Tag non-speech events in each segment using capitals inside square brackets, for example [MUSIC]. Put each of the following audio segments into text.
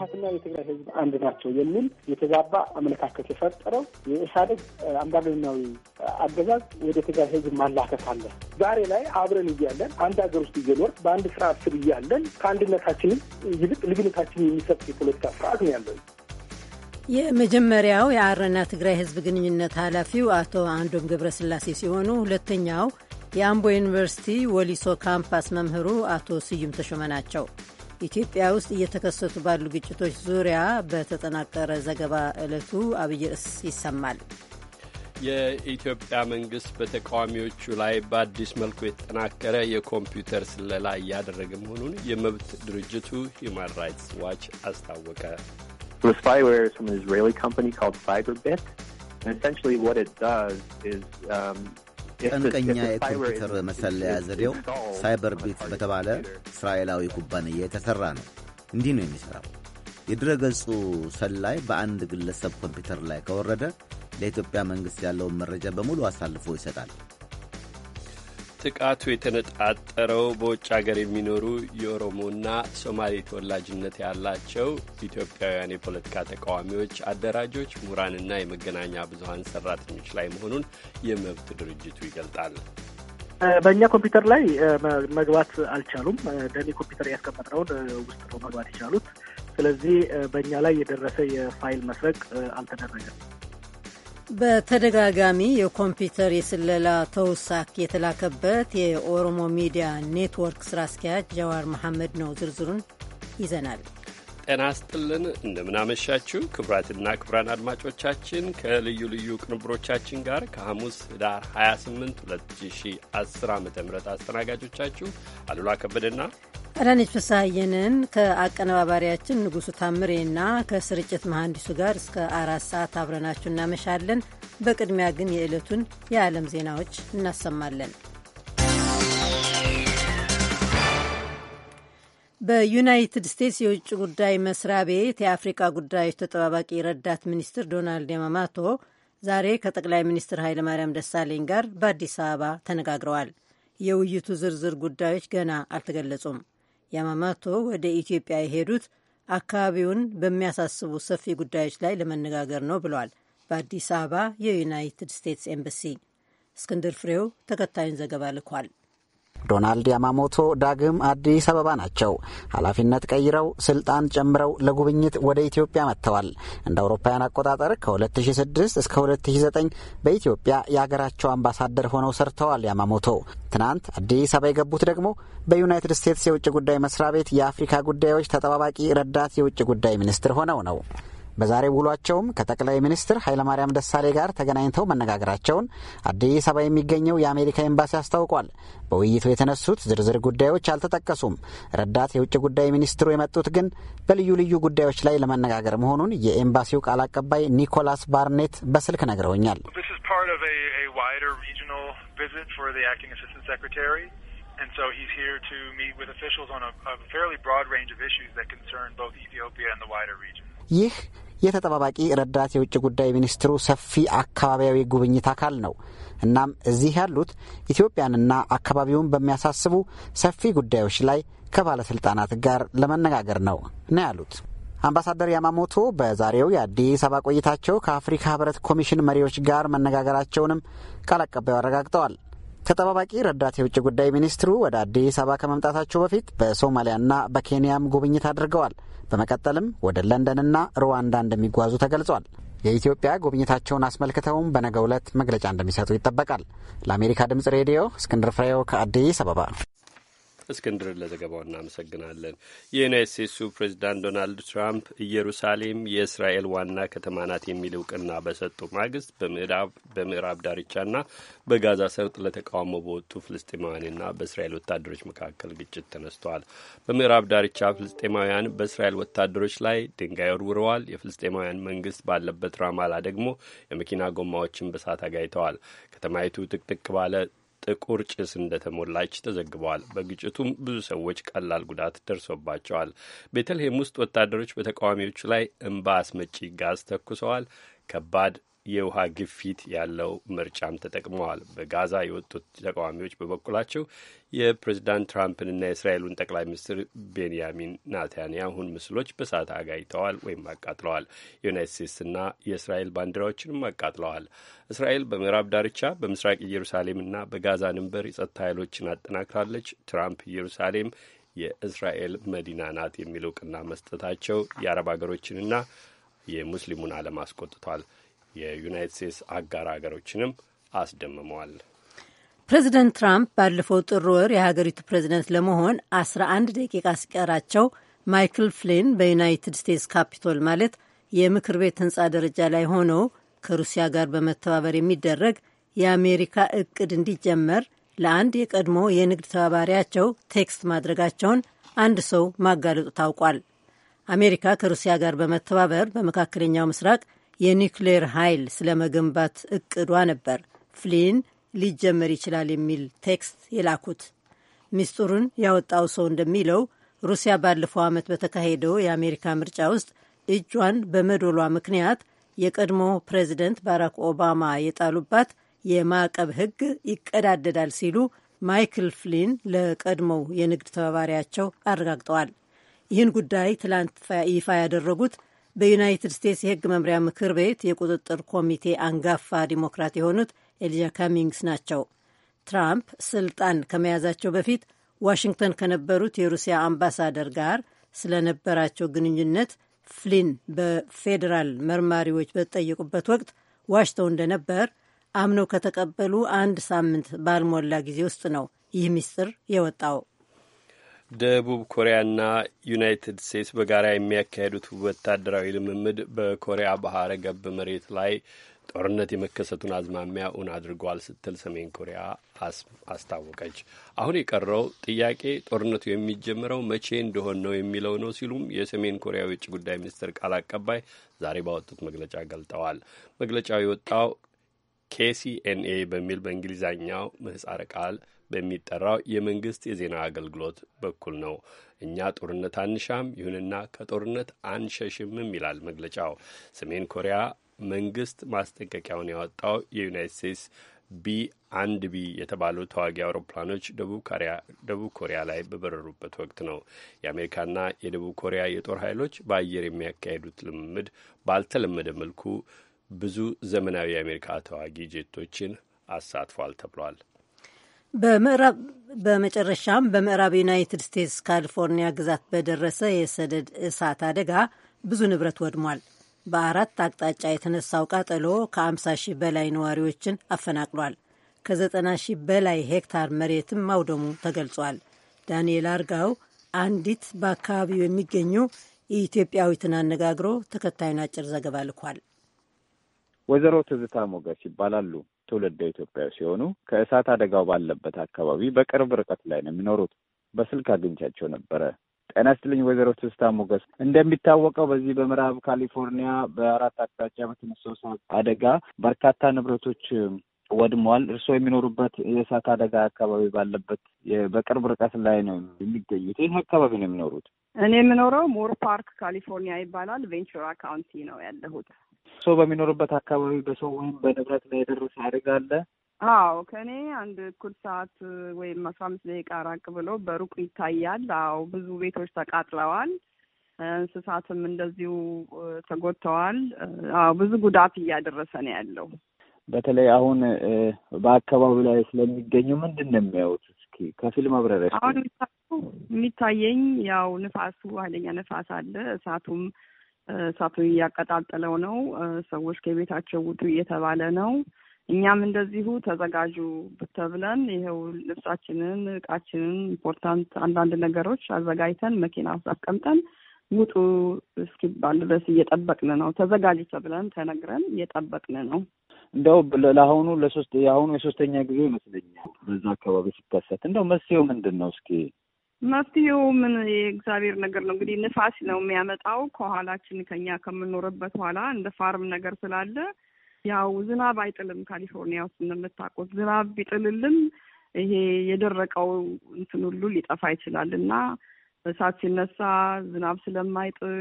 ህወሀትና የትግራይ ህዝብ አንድ ናቸው የሚል የተዛባ አመለካከት የፈጠረው የኢህአዴግ አምባገነናዊ አገዛዝ ወደ ትግራይ ህዝብ ማላከት አለ። ዛሬ ላይ አብረን እያለን አንድ ሀገር ውስጥ እየኖር በአንድ ስርዓት ስር እያለን ከአንድነታችን ይልቅ ልዩነታችን የሚሰጥ የፖለቲካ ስርዓት ነው ያለን። የመጀመሪያው የአረና ትግራይ ህዝብ ግንኙነት ኃላፊው አቶ አንዶም ገብረስላሴ ሲሆኑ ሁለተኛው የአምቦ ዩኒቨርሲቲ ወሊሶ ካምፓስ መምህሩ አቶ ስዩም ተሾመ ናቸው። ኢትዮጵያ ውስጥ እየተከሰቱ ባሉ ግጭቶች ዙሪያ በተጠናቀረ ዘገባ ዕለቱ አብይ ርዕስ ይሰማል። የኢትዮጵያ መንግስት በተቃዋሚዎቹ ላይ በአዲስ መልኩ የተጠናከረ የኮምፒውተር ስለላ እያደረገ መሆኑን የመብት ድርጅቱ ሂዩማን ራይትስ ዋች አስታወቀ። ጠንቀኛ የኮምፒውተር መሰለያ ዘዴው ሳይበር ቢት በተባለ እስራኤላዊ ኩባንያ የተሠራ ነው። እንዲህ ነው የሚሠራው። የድረ ገጹ ሰላይ በአንድ ግለሰብ ኮምፒውተር ላይ ከወረደ ለኢትዮጵያ መንግሥት ያለውን መረጃ በሙሉ አሳልፎ ይሰጣል። ጥቃቱ የተነጣጠረው በውጭ ሀገር የሚኖሩ የኦሮሞና ሶማሌ ተወላጅነት ያላቸው ኢትዮጵያውያን የፖለቲካ ተቃዋሚዎች፣ አደራጆች፣ ምሁራንና የመገናኛ ብዙሀን ሰራተኞች ላይ መሆኑን የመብት ድርጅቱ ይገልጣል። በእኛ ኮምፒውተር ላይ መግባት አልቻሉም። ደኔ ኮምፒውተር ያስቀመጥነውን ውስጥ ነው መግባት የቻሉት። ስለዚህ በእኛ ላይ የደረሰ የፋይል መስረቅ አልተደረገም። በተደጋጋሚ የኮምፒውተር የስለላ ተውሳክ የተላከበት የኦሮሞ ሚዲያ ኔትወርክ ስራ አስኪያጅ ጀዋር መሐመድ ነው። ዝርዝሩን ይዘናል። ጤና ስጥልን፣ እንደምናመሻችሁ ክቡራትና ክቡራን አድማጮቻችን ከልዩ ልዩ ቅንብሮቻችን ጋር ከሐሙስ ህዳር 28 2010 ዓ ም አስተናጋጆቻችሁ አሉላ ከበደና ቀዳነች ፍስሐየንን ከአቀነባባሪያችን ንጉሱ ታምሬና ከስርጭት መሐንዲሱ ጋር እስከ አራት ሰዓት አብረናችሁ እናመሻለን። በቅድሚያ ግን የዕለቱን የዓለም ዜናዎች እናሰማለን። በዩናይትድ ስቴትስ የውጭ ጉዳይ መስሪያ ቤት የአፍሪካ ጉዳዮች ተጠባባቂ ረዳት ሚኒስትር ዶናልድ የማማቶ ዛሬ ከጠቅላይ ሚኒስትር ኃይለማርያም ደሳለኝ ጋር በአዲስ አበባ ተነጋግረዋል። የውይይቱ ዝርዝር ጉዳዮች ገና አልተገለጹም። ያማማቶ ወደ ኢትዮጵያ የሄዱት አካባቢውን በሚያሳስቡ ሰፊ ጉዳዮች ላይ ለመነጋገር ነው ብሏል። በአዲስ አበባ የዩናይትድ ስቴትስ ኤምባሲ እስክንድር ፍሬው ተከታዩን ዘገባ ልኳል። ዶናልድ ያማሞቶ ዳግም አዲስ አበባ ናቸው። ኃላፊነት ቀይረው ስልጣን ጨምረው ለጉብኝት ወደ ኢትዮጵያ መጥተዋል። እንደ አውሮፓውያን አቆጣጠር ከ2006 እስከ 2009 በኢትዮጵያ የአገራቸው አምባሳደር ሆነው ሰርተዋል። ያማሞቶ ትናንት አዲስ አበባ የገቡት ደግሞ በዩናይትድ ስቴትስ የውጭ ጉዳይ መስሪያ ቤት የአፍሪካ ጉዳዮች ተጠባባቂ ረዳት የውጭ ጉዳይ ሚኒስትር ሆነው ነው። በዛሬ ውሏቸውም ከጠቅላይ ሚኒስትር ኃይለማርያም ደሳሌ ጋር ተገናኝተው መነጋገራቸውን አዲስ አበባ የሚገኘው የአሜሪካ ኤምባሲ አስታውቋል። በውይይቱ የተነሱት ዝርዝር ጉዳዮች አልተጠቀሱም። ረዳት የውጭ ጉዳይ ሚኒስትሩ የመጡት ግን በልዩ ልዩ ጉዳዮች ላይ ለመነጋገር መሆኑን የኤምባሲው ቃል አቀባይ ኒኮላስ ባርኔት በስልክ ነግረውኛል። And so he's here to meet with officials on a, a fairly broad range of issues that concern both Ethiopia and the wider region. ይህ የተጠባባቂ ረዳት የውጭ ጉዳይ ሚኒስትሩ ሰፊ አካባቢያዊ ጉብኝት አካል ነው። እናም እዚህ ያሉት ኢትዮጵያንና አካባቢውን በሚያሳስቡ ሰፊ ጉዳዮች ላይ ከባለስልጣናት ጋር ለመነጋገር ነው ነው ያሉት አምባሳደር ያማሞቶ በዛሬው የአዲስ አበባ ቆይታቸው ከአፍሪካ ሕብረት ኮሚሽን መሪዎች ጋር መነጋገራቸውንም ቃል አቀባዩ አረጋግጠዋል። ተጠባባቂ ረዳት የውጭ ጉዳይ ሚኒስትሩ ወደ አዲስ አበባ ከመምጣታቸው በፊት በሶማሊያና በኬንያም ጉብኝት አድርገዋል። በመቀጠልም ወደ ለንደንና ሩዋንዳ እንደሚጓዙ ተገልጿል። የኢትዮጵያ ጉብኝታቸውን አስመልክተውም በነገው ዕለት መግለጫ እንደሚሰጡ ይጠበቃል። ለአሜሪካ ድምጽ ሬዲዮ እስክንድር ፍሬው ከአዲስ አበባ እስክንድርን ለዘገባው እናመሰግናለን። የዩናይት ስቴትሱ ፕሬዚዳንት ዶናልድ ትራምፕ ኢየሩሳሌም የእስራኤል ዋና ከተማ ናት የሚል እውቅና በሰጡ ማግስት በምዕራብ ዳርቻና በጋዛ ሰርጥ ለተቃውሞ በወጡ ፍልስጤማውያንና በእስራኤል ወታደሮች መካከል ግጭት ተነስተዋል። በምዕራብ ዳርቻ ፍልስጤማውያን በእስራኤል ወታደሮች ላይ ድንጋይ ወርውረዋል። የፍልስጤማውያን መንግስት ባለበት ራማላ ደግሞ የመኪና ጎማዎችን በሳት አጋይተዋል። ከተማይቱ ጥቅጥቅ ባለ ጥቁር ጭስ እንደተሞላች ተዘግበዋል። በግጭቱም ብዙ ሰዎች ቀላል ጉዳት ደርሶባቸዋል። ቤተልሔም ውስጥ ወታደሮች በተቃዋሚዎቹ ላይ እንባ አስመጪ ጋዝ ተኩሰዋል። ከባድ የውሃ ግፊት ያለው ምርጫም ተጠቅመዋል። በጋዛ የወጡት ተቃዋሚዎች በበኩላቸው የፕሬዚዳንት ትራምፕንና የእስራኤሉን ጠቅላይ ሚኒስትር ቤንያሚን ናታንያሁን ምስሎች በሳት አጋይተዋል ወይም አቃጥለዋል። የዩናይት ስቴትስና የእስራኤል ባንዲራዎችንም አቃጥለዋል። እስራኤል በምዕራብ ዳርቻ በምስራቅ ኢየሩሳሌምና በጋዛ ድንበር የጸጥታ ኃይሎችን አጠናክራለች። ትራምፕ ኢየሩሳሌም የእስራኤል መዲና ናት የሚል እውቅና መስጠታቸው የአረብ ሀገሮችንና የሙስሊሙን ዓለም አስቆጥቷል። የዩናይት ስቴትስ አጋር ሀገሮችንም አስደምመዋል። ፕሬዚደንት ትራምፕ ባለፈው ጥር ወር የሀገሪቱ ፕሬዚደንት ለመሆን 11 ደቂቃ ሲቀራቸው ማይክል ፍሊን በዩናይትድ ስቴትስ ካፒቶል ማለት የምክር ቤት ህንፃ ደረጃ ላይ ሆነው ከሩሲያ ጋር በመተባበር የሚደረግ የአሜሪካ እቅድ እንዲጀመር ለአንድ የቀድሞ የንግድ ተባባሪያቸው ቴክስት ማድረጋቸውን አንድ ሰው ማጋለጡ ታውቋል። አሜሪካ ከሩሲያ ጋር በመተባበር በመካከለኛው ምስራቅ የኒውክሌር ኃይል ስለመገንባት እቅዷ ነበር ፍሊን ሊጀመር ይችላል የሚል ቴክስት የላኩት። ሚስጥሩን ያወጣው ሰው እንደሚለው ሩሲያ ባለፈው ዓመት በተካሄደው የአሜሪካ ምርጫ ውስጥ እጇን በመዶሏ ምክንያት የቀድሞ ፕሬዚደንት ባራክ ኦባማ የጣሉባት የማዕቀብ ሕግ ይቀዳደዳል ሲሉ ማይክል ፍሊን ለቀድሞው የንግድ ተባባሪያቸው አረጋግጠዋል። ይህን ጉዳይ ትላንት ይፋ ያደረጉት በዩናይትድ ስቴትስ የህግ መምሪያ ምክር ቤት የቁጥጥር ኮሚቴ አንጋፋ ዲሞክራት የሆኑት ኤሊጃ ካሚንግስ ናቸው። ትራምፕ ስልጣን ከመያዛቸው በፊት ዋሽንግተን ከነበሩት የሩሲያ አምባሳደር ጋር ስለነበራቸው ግንኙነት ፍሊን በፌዴራል መርማሪዎች በተጠየቁበት ወቅት ዋሽተው እንደነበር አምነው ከተቀበሉ አንድ ሳምንት ባልሞላ ጊዜ ውስጥ ነው ይህ ሚስጥር የወጣው። ደቡብ ኮሪያና ዩናይትድ ስቴትስ በጋራ የሚያካሄዱት ወታደራዊ ልምምድ በኮሪያ ባህረ ገብ መሬት ላይ ጦርነት የመከሰቱን አዝማሚያ እውን አድርጓል ስትል ሰሜን ኮሪያ አስታወቀች። አሁን የቀረው ጥያቄ ጦርነቱ የሚጀምረው መቼ እንደሆን ነው የሚለው ነው ሲሉም የሰሜን ኮሪያ የውጭ ጉዳይ ሚኒስትር ቃል አቀባይ ዛሬ ባወጡት መግለጫ ገልጠዋል። መግለጫው የወጣው ኬሲኤንኤ በሚል በእንግሊዝኛው ምህጻረ ቃል በሚጠራው የመንግስት የዜና አገልግሎት በኩል ነው። እኛ ጦርነት አንሻም፣ ይሁንና ከጦርነት አንሸሽምም ይላል መግለጫው። ሰሜን ኮሪያ መንግስት ማስጠንቀቂያውን ያወጣው የዩናይት ስቴትስ ቢ አንድ ቢ የተባሉ ተዋጊ አውሮፕላኖች ደቡብ ኮሪያ ላይ በበረሩበት ወቅት ነው። የአሜሪካና የደቡብ ኮሪያ የጦር ኃይሎች በአየር የሚያካሄዱት ልምምድ ባልተለመደ መልኩ ብዙ ዘመናዊ የአሜሪካ ተዋጊ ጄቶችን አሳትፏል ተብሏል። በመጨረሻም በምዕራብ ዩናይትድ ስቴትስ ካሊፎርኒያ ግዛት በደረሰ የሰደድ እሳት አደጋ ብዙ ንብረት ወድሟል። በአራት አቅጣጫ የተነሳው ቃጠሎ ከ50 ሺህ በላይ ነዋሪዎችን አፈናቅሏል። 9 ሺህ በላይ ሄክታር መሬትም ማውደሙ ተገልጿል። ዳንኤል አርጋው አንዲት በአካባቢው የሚገኙ ኢትዮጵያዊትን አነጋግሮ ተከታዩን አጭር ዘገባ ልኳል። ወይዘሮ ትዝታ ሞገስ ይባላሉ። ትውልደ ኢትዮጵያዊ ሲሆኑ ከእሳት አደጋው ባለበት አካባቢ በቅርብ ርቀት ላይ ነው የሚኖሩት። በስልክ አግኝቻቸው ነበረ። ጤና ይስጥልኝ ወይዘሮ ትዝታ ሞገስ። እንደሚታወቀው በዚህ በምዕራብ ካሊፎርኒያ በአራት አቅጣጫ በተነሳው እሳት አደጋ በርካታ ንብረቶች ወድመዋል። እርስዎ የሚኖሩበት የእሳት አደጋ አካባቢ ባለበት በቅርብ ርቀት ላይ ነው የሚገኙት። ይህ አካባቢ ነው የሚኖሩት? እኔ የምኖረው ሞር ፓርክ ካሊፎርኒያ ይባላል። ቬንቹራ ካውንቲ ነው ያለሁት። ሰው በሚኖርበት አካባቢ በሰው ወይም በንብረት ላይ የደረሰ አደጋ አለ? አዎ ከእኔ አንድ እኩል ሰዓት ወይም አስራ አምስት ደቂቃ ራቅ ብሎ በሩቅ ይታያል። አዎ ብዙ ቤቶች ተቃጥለዋል። እንስሳትም እንደዚሁ ተጎድተዋል። አዎ ብዙ ጉዳት እያደረሰ ነው ያለው። በተለይ አሁን በአካባቢው ላይ ስለሚገኙ ምንድን ነው የሚያዩት? እስኪ ከፊል ማብራሪያ አሁን የሚታየኝ ያው ንፋሱ ኃይለኛ ንፋስ አለ። እሳቱም እሳቱ እያቀጣጠለው ነው። ሰዎች ከቤታቸው ውጡ እየተባለ ነው። እኛም እንደዚሁ ተዘጋጁ ተብለን ይኸው ልብሳችንን፣ እቃችንን፣ ኢምፖርታንት አንዳንድ ነገሮች አዘጋጅተን መኪና ውስጥ አስቀምጠን ውጡ እስኪባል ድረስ እየጠበቅን ነው። ተዘጋጁ ተብለን ተነግረን እየጠበቅን ነው። እንደው ለአሁኑ ለሶስት የአሁኑ የሶስተኛ ጊዜ ይመስለኛል በዛ አካባቢ ሲከሰት እንደው መፍትሄው ምንድን ነው? እስኪ መፍትሄው ምን የእግዚአብሔር ነገር ነው እንግዲህ ንፋስ ነው የሚያመጣው ከኋላችን ከኛ ከምኖርበት ኋላ እንደ ፋርም ነገር ስላለ ያው ዝናብ አይጥልም ካሊፎርኒያ ውስጥ እንደምታውቁት ዝናብ ቢጥልልም ይሄ የደረቀው እንትን ሁሉ ሊጠፋ ይችላል እና እሳት ሲነሳ ዝናብ ስለማይጥል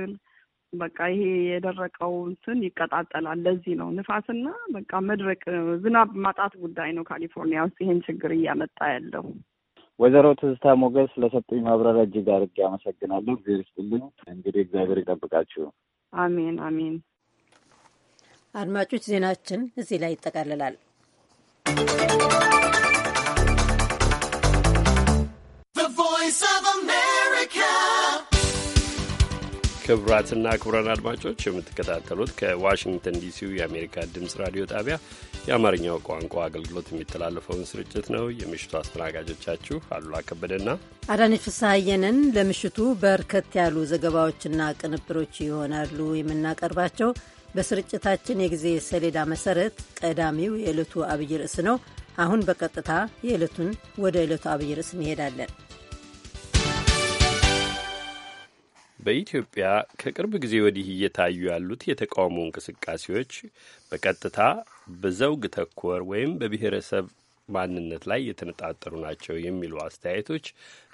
በቃ ይሄ የደረቀው እንትን ይቀጣጠላል ለዚህ ነው ንፋስና በቃ መድረቅ ዝናብ ማጣት ጉዳይ ነው ካሊፎርኒያ ውስጥ ይሄን ችግር እያመጣ ያለው ወይዘሮ ትዝታ ሞገስ ለሰጡኝ ማብራሪያ እጅግ አድርጌ አመሰግናለሁ። እግዚአብሔር ይስጥልኝ። እንግዲህ እግዚአብሔር ይጠብቃችሁ። አሜን አሜን። አድማጮች ዜናችን እዚህ ላይ ይጠቃልላል። ክቡራትና ክቡራን አድማጮች የምትከታተሉት ከዋሽንግተን ዲሲው የአሜሪካ ድምፅ ራዲዮ ጣቢያ የአማርኛው ቋንቋ አገልግሎት የሚተላለፈውን ስርጭት ነው። የምሽቱ አስተናጋጆቻችሁ አሉላ ከበደና አዳነች ፍስሐየንን ለምሽቱ በርከት ያሉ ዘገባዎችና ቅንብሮች ይሆናሉ የምናቀርባቸው። በስርጭታችን የጊዜ ሰሌዳ መሰረት ቀዳሚው የዕለቱ አብይ ርዕስ ነው። አሁን በቀጥታ የዕለቱን ወደ ዕለቱ አብይ ርዕስ እንሄዳለን። በኢትዮጵያ ከቅርብ ጊዜ ወዲህ እየታዩ ያሉት የተቃውሞ እንቅስቃሴዎች በቀጥታ በዘውግ ተኮር ወይም በብሔረሰብ ማንነት ላይ የተነጣጠሩ ናቸው የሚሉ አስተያየቶች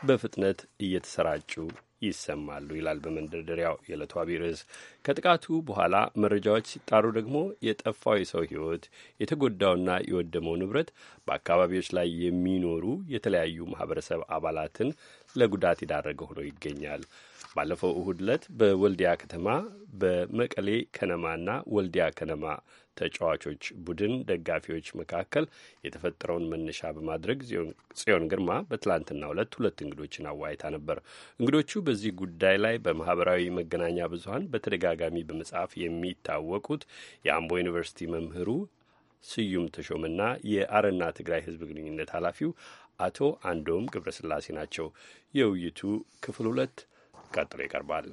በፍጥነት እየተሰራጩ ይሰማሉ ይላል በመንደርደሪያው የዕለቷ አብይ ርዕስ። ከጥቃቱ በኋላ መረጃዎች ሲጣሩ ደግሞ የጠፋው የሰው ሕይወት የተጎዳውና የወደመው ንብረት በአካባቢዎች ላይ የሚኖሩ የተለያዩ ማህበረሰብ አባላትን ለጉዳት የዳረገ ሆኖ ይገኛል። ባለፈው እሁድ ዕለት በወልዲያ ከተማ በመቀሌ ከነማና ወልዲያ ከነማ ተጫዋቾች ቡድን ደጋፊዎች መካከል የተፈጠረውን መነሻ በማድረግ ጽዮን ግርማ በትላንትና ሁለት ሁለት እንግዶችን አዋይታ ነበር። እንግዶቹ በዚህ ጉዳይ ላይ በማህበራዊ መገናኛ ብዙኃን በተደጋጋሚ በመጻፍ የሚታወቁት የአምቦ ዩኒቨርሲቲ መምህሩ ስዩም ተሾመና የአረና ትግራይ ህዝብ ግንኙነት ኃላፊው አቶ አንዶም ገብረስላሴ ናቸው። የውይይቱ ክፍል ሁለት ቀጥሎ ይቀርባል።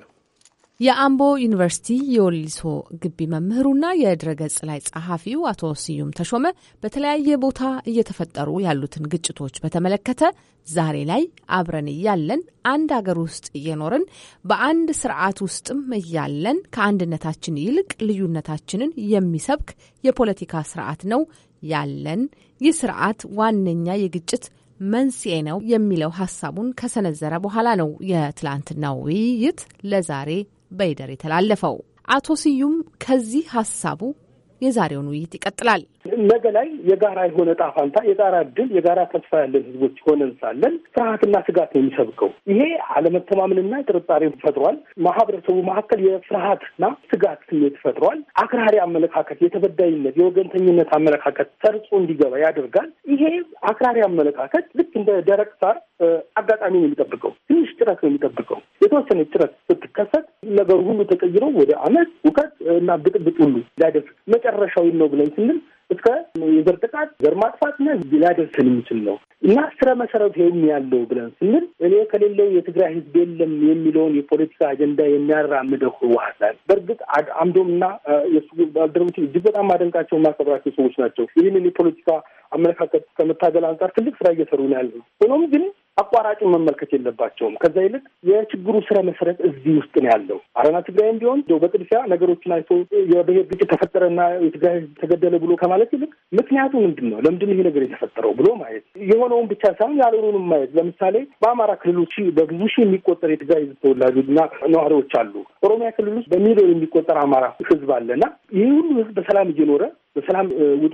የአምቦ ዩኒቨርሲቲ የወሊሶ ግቢ መምህሩና የድረገጽ ላይ ጸሐፊው አቶ ስዩም ተሾመ በተለያየ ቦታ እየተፈጠሩ ያሉትን ግጭቶች በተመለከተ ዛሬ ላይ አብረን እያለን አንድ አገር ውስጥ እየኖርን በአንድ ስርዓት ውስጥም እያለን ከአንድነታችን ይልቅ ልዩነታችንን የሚሰብክ የፖለቲካ ስርዓት ነው ያለን። ይህ ስርዓት ዋነኛ የግጭት መንስኤ ነው የሚለው ሀሳቡን ከሰነዘረ በኋላ ነው የትላንትናው ውይይት ለዛሬ በይደር የተላለፈው። አቶ ስዩም ከዚህ ሀሳቡ የዛሬውን ውይይት ይቀጥላል። ነገ ላይ የጋራ የሆነ ዕጣ ፈንታ፣ የጋራ እድል፣ የጋራ ተስፋ ያለን ህዝቦች ሆነን ሳለን ፍርሃትና ስጋት ነው የሚሰብቀው። ይሄ አለመተማመንና ጥርጣሬ ፈጥሯል። ማህበረሰቡ መካከል የፍርሃትና ስጋት ስሜት ፈጥሯል። አክራሪ አመለካከት፣ የተበዳይነት፣ የወገንተኝነት አመለካከት ሰርጾ እንዲገባ ያደርጋል። ይሄ አክራሪ አመለካከት ልክ እንደ ደረቅ ሳር አጋጣሚ ነው የሚጠብቀው። ትንሽ ጭረት ነው የሚጠብቀው። የተወሰነ ጭረት ስትከሰት ነገሩ ሁሉ ተቀይሮ ወደ አመት፣ እውቀት እና ብጥብጥ ሁሉ ሊያደርስ መጨረሻዊ ነው ብለን ስንል እስከ የዘር ጥቃት ዘር ማጥፋትና ሊያደርስን የሚችል ነው እና ስረ መሰረት ይሄም ያለው ብለን ስንል እኔ ከሌለው የትግራይ ህዝብ የለም የሚለውን የፖለቲካ አጀንዳ የሚያራምደው ህወሀት ላይ በእርግጥ አምዶም እና የሱ ባልደረቦች እጅግ በጣም ማደንቃቸው የማከብራቸው ሰዎች ናቸው። ይህንን የፖለቲካ አመለካከት ከመታገል አንጻር ትልቅ ስራ እየሰሩ ነው ያለ። ሆኖም ግን አቋራጩን መመልከት የለባቸውም። ከዛ ይልቅ የችግሩ ስረ መሰረት እዚህ ውስጥ ነው ያለው። አረና ትግራይም ቢሆን በቅድሚያ ነገሮችን አይቶ የብሔር ግጭት ተፈጠረና የትግራይ ህዝብ ተገደለ ብሎ ከማለት ይልቅ ምክንያቱ ምንድን ነው? ለምንድን ነው ይሄ ነገር የተፈጠረው ብሎ ማየት፣ የሆነውን ብቻ ሳይሆን ያልሆኑንም ማየት። ለምሳሌ በአማራ ክልሎች በብዙ ሺህ የሚቆጠር የትግራይ ህዝብ ተወላጆች ነዋሪዎች አሉ። ኦሮሚያ ክልል ውስጥ በሚሊዮን የሚቆጠር አማራ ህዝብ አለና ይህ ሁሉ ህዝብ በሰላም እየኖረ በሰላም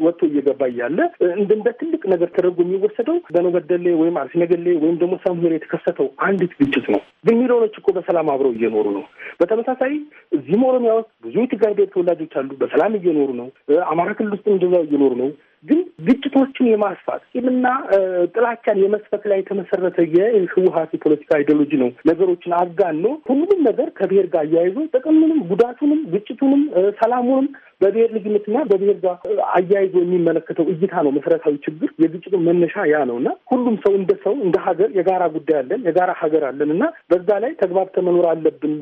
ወጥቶ እየገባ እያለ እንደ ትልቅ ነገር ተደርጎ የሚወሰደው በኖበደሌ ወይም አርሲነገሌ ወይም ደግሞ ሳምሆን የተከሰተው አንዲት ግጭት ነው። ግን ሚሊዮኖች እኮ በሰላም አብረው እየኖሩ ነው። በተመሳሳይ እዚህም ኦሮሚያ ውስጥ ብዙ የትግራይ ብሔር ተወላጆች አሉ፣ በሰላም እየኖሩ ነው። አማራ ክልል ውስጥ እንደዛው እየኖሩ ነው። ግን ግጭቶችን የማስፋት ቂምና ጥላቻን የመስፈት ላይ የተመሰረተ የህወሀት የፖለቲካ አይዲዮሎጂ ነው። ነገሮችን አጋኖ ሁሉም ነገር ከብሔር ጋር አያይዞ ጥቅምንም፣ ጉዳቱንም፣ ግጭቱንም፣ ሰላሙንም በብሔር ልዩነትና በብሔር ጋር አያይዞ የሚመለከተው እይታ ነው መሰረታዊ ችግር። የግጭቱ መነሻ ያ ነው እና ሁሉም ሰው እንደ ሰው እንደ ሀገር የጋራ ጉዳይ አለን፣ የጋራ ሀገር አለን እና በዛ ላይ ተግባብተን መኖር አለብን።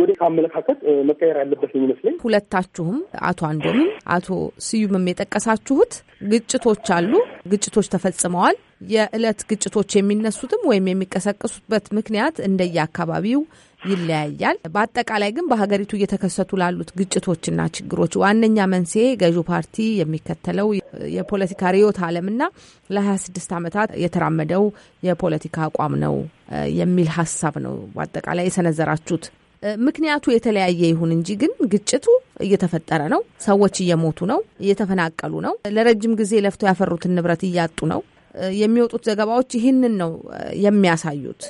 ወደ አመለካከት መቀየር አለበት የሚመስለኝ ሁለታችሁም አቶ አንዶምም አቶ ስዩምም የጠቀሳችሁት ግጭቶች አሉ፣ ግጭቶች ተፈጽመዋል። የእለት ግጭቶች የሚነሱትም ወይም የሚቀሰቀሱበት ምክንያት እንደየአካባቢው ይለያያል። በአጠቃላይ ግን በሀገሪቱ እየተከሰቱ ላሉት ግጭቶችና ችግሮች ዋነኛ መንስኤ ገዢው ፓርቲ የሚከተለው የፖለቲካ ርዕዮተ ዓለምና ለ26 ዓመታት የተራመደው የፖለቲካ አቋም ነው የሚል ሀሳብ ነው በአጠቃላይ የሰነዘራችሁት። ምክንያቱ የተለያየ ይሁን እንጂ ግን ግጭቱ እየተፈጠረ ነው። ሰዎች እየሞቱ ነው፣ እየተፈናቀሉ ነው፣ ለረጅም ጊዜ ለፍተው ያፈሩትን ንብረት እያጡ ነው። የሚወጡት ዘገባዎች ይህንን ነው የሚያሳዩት።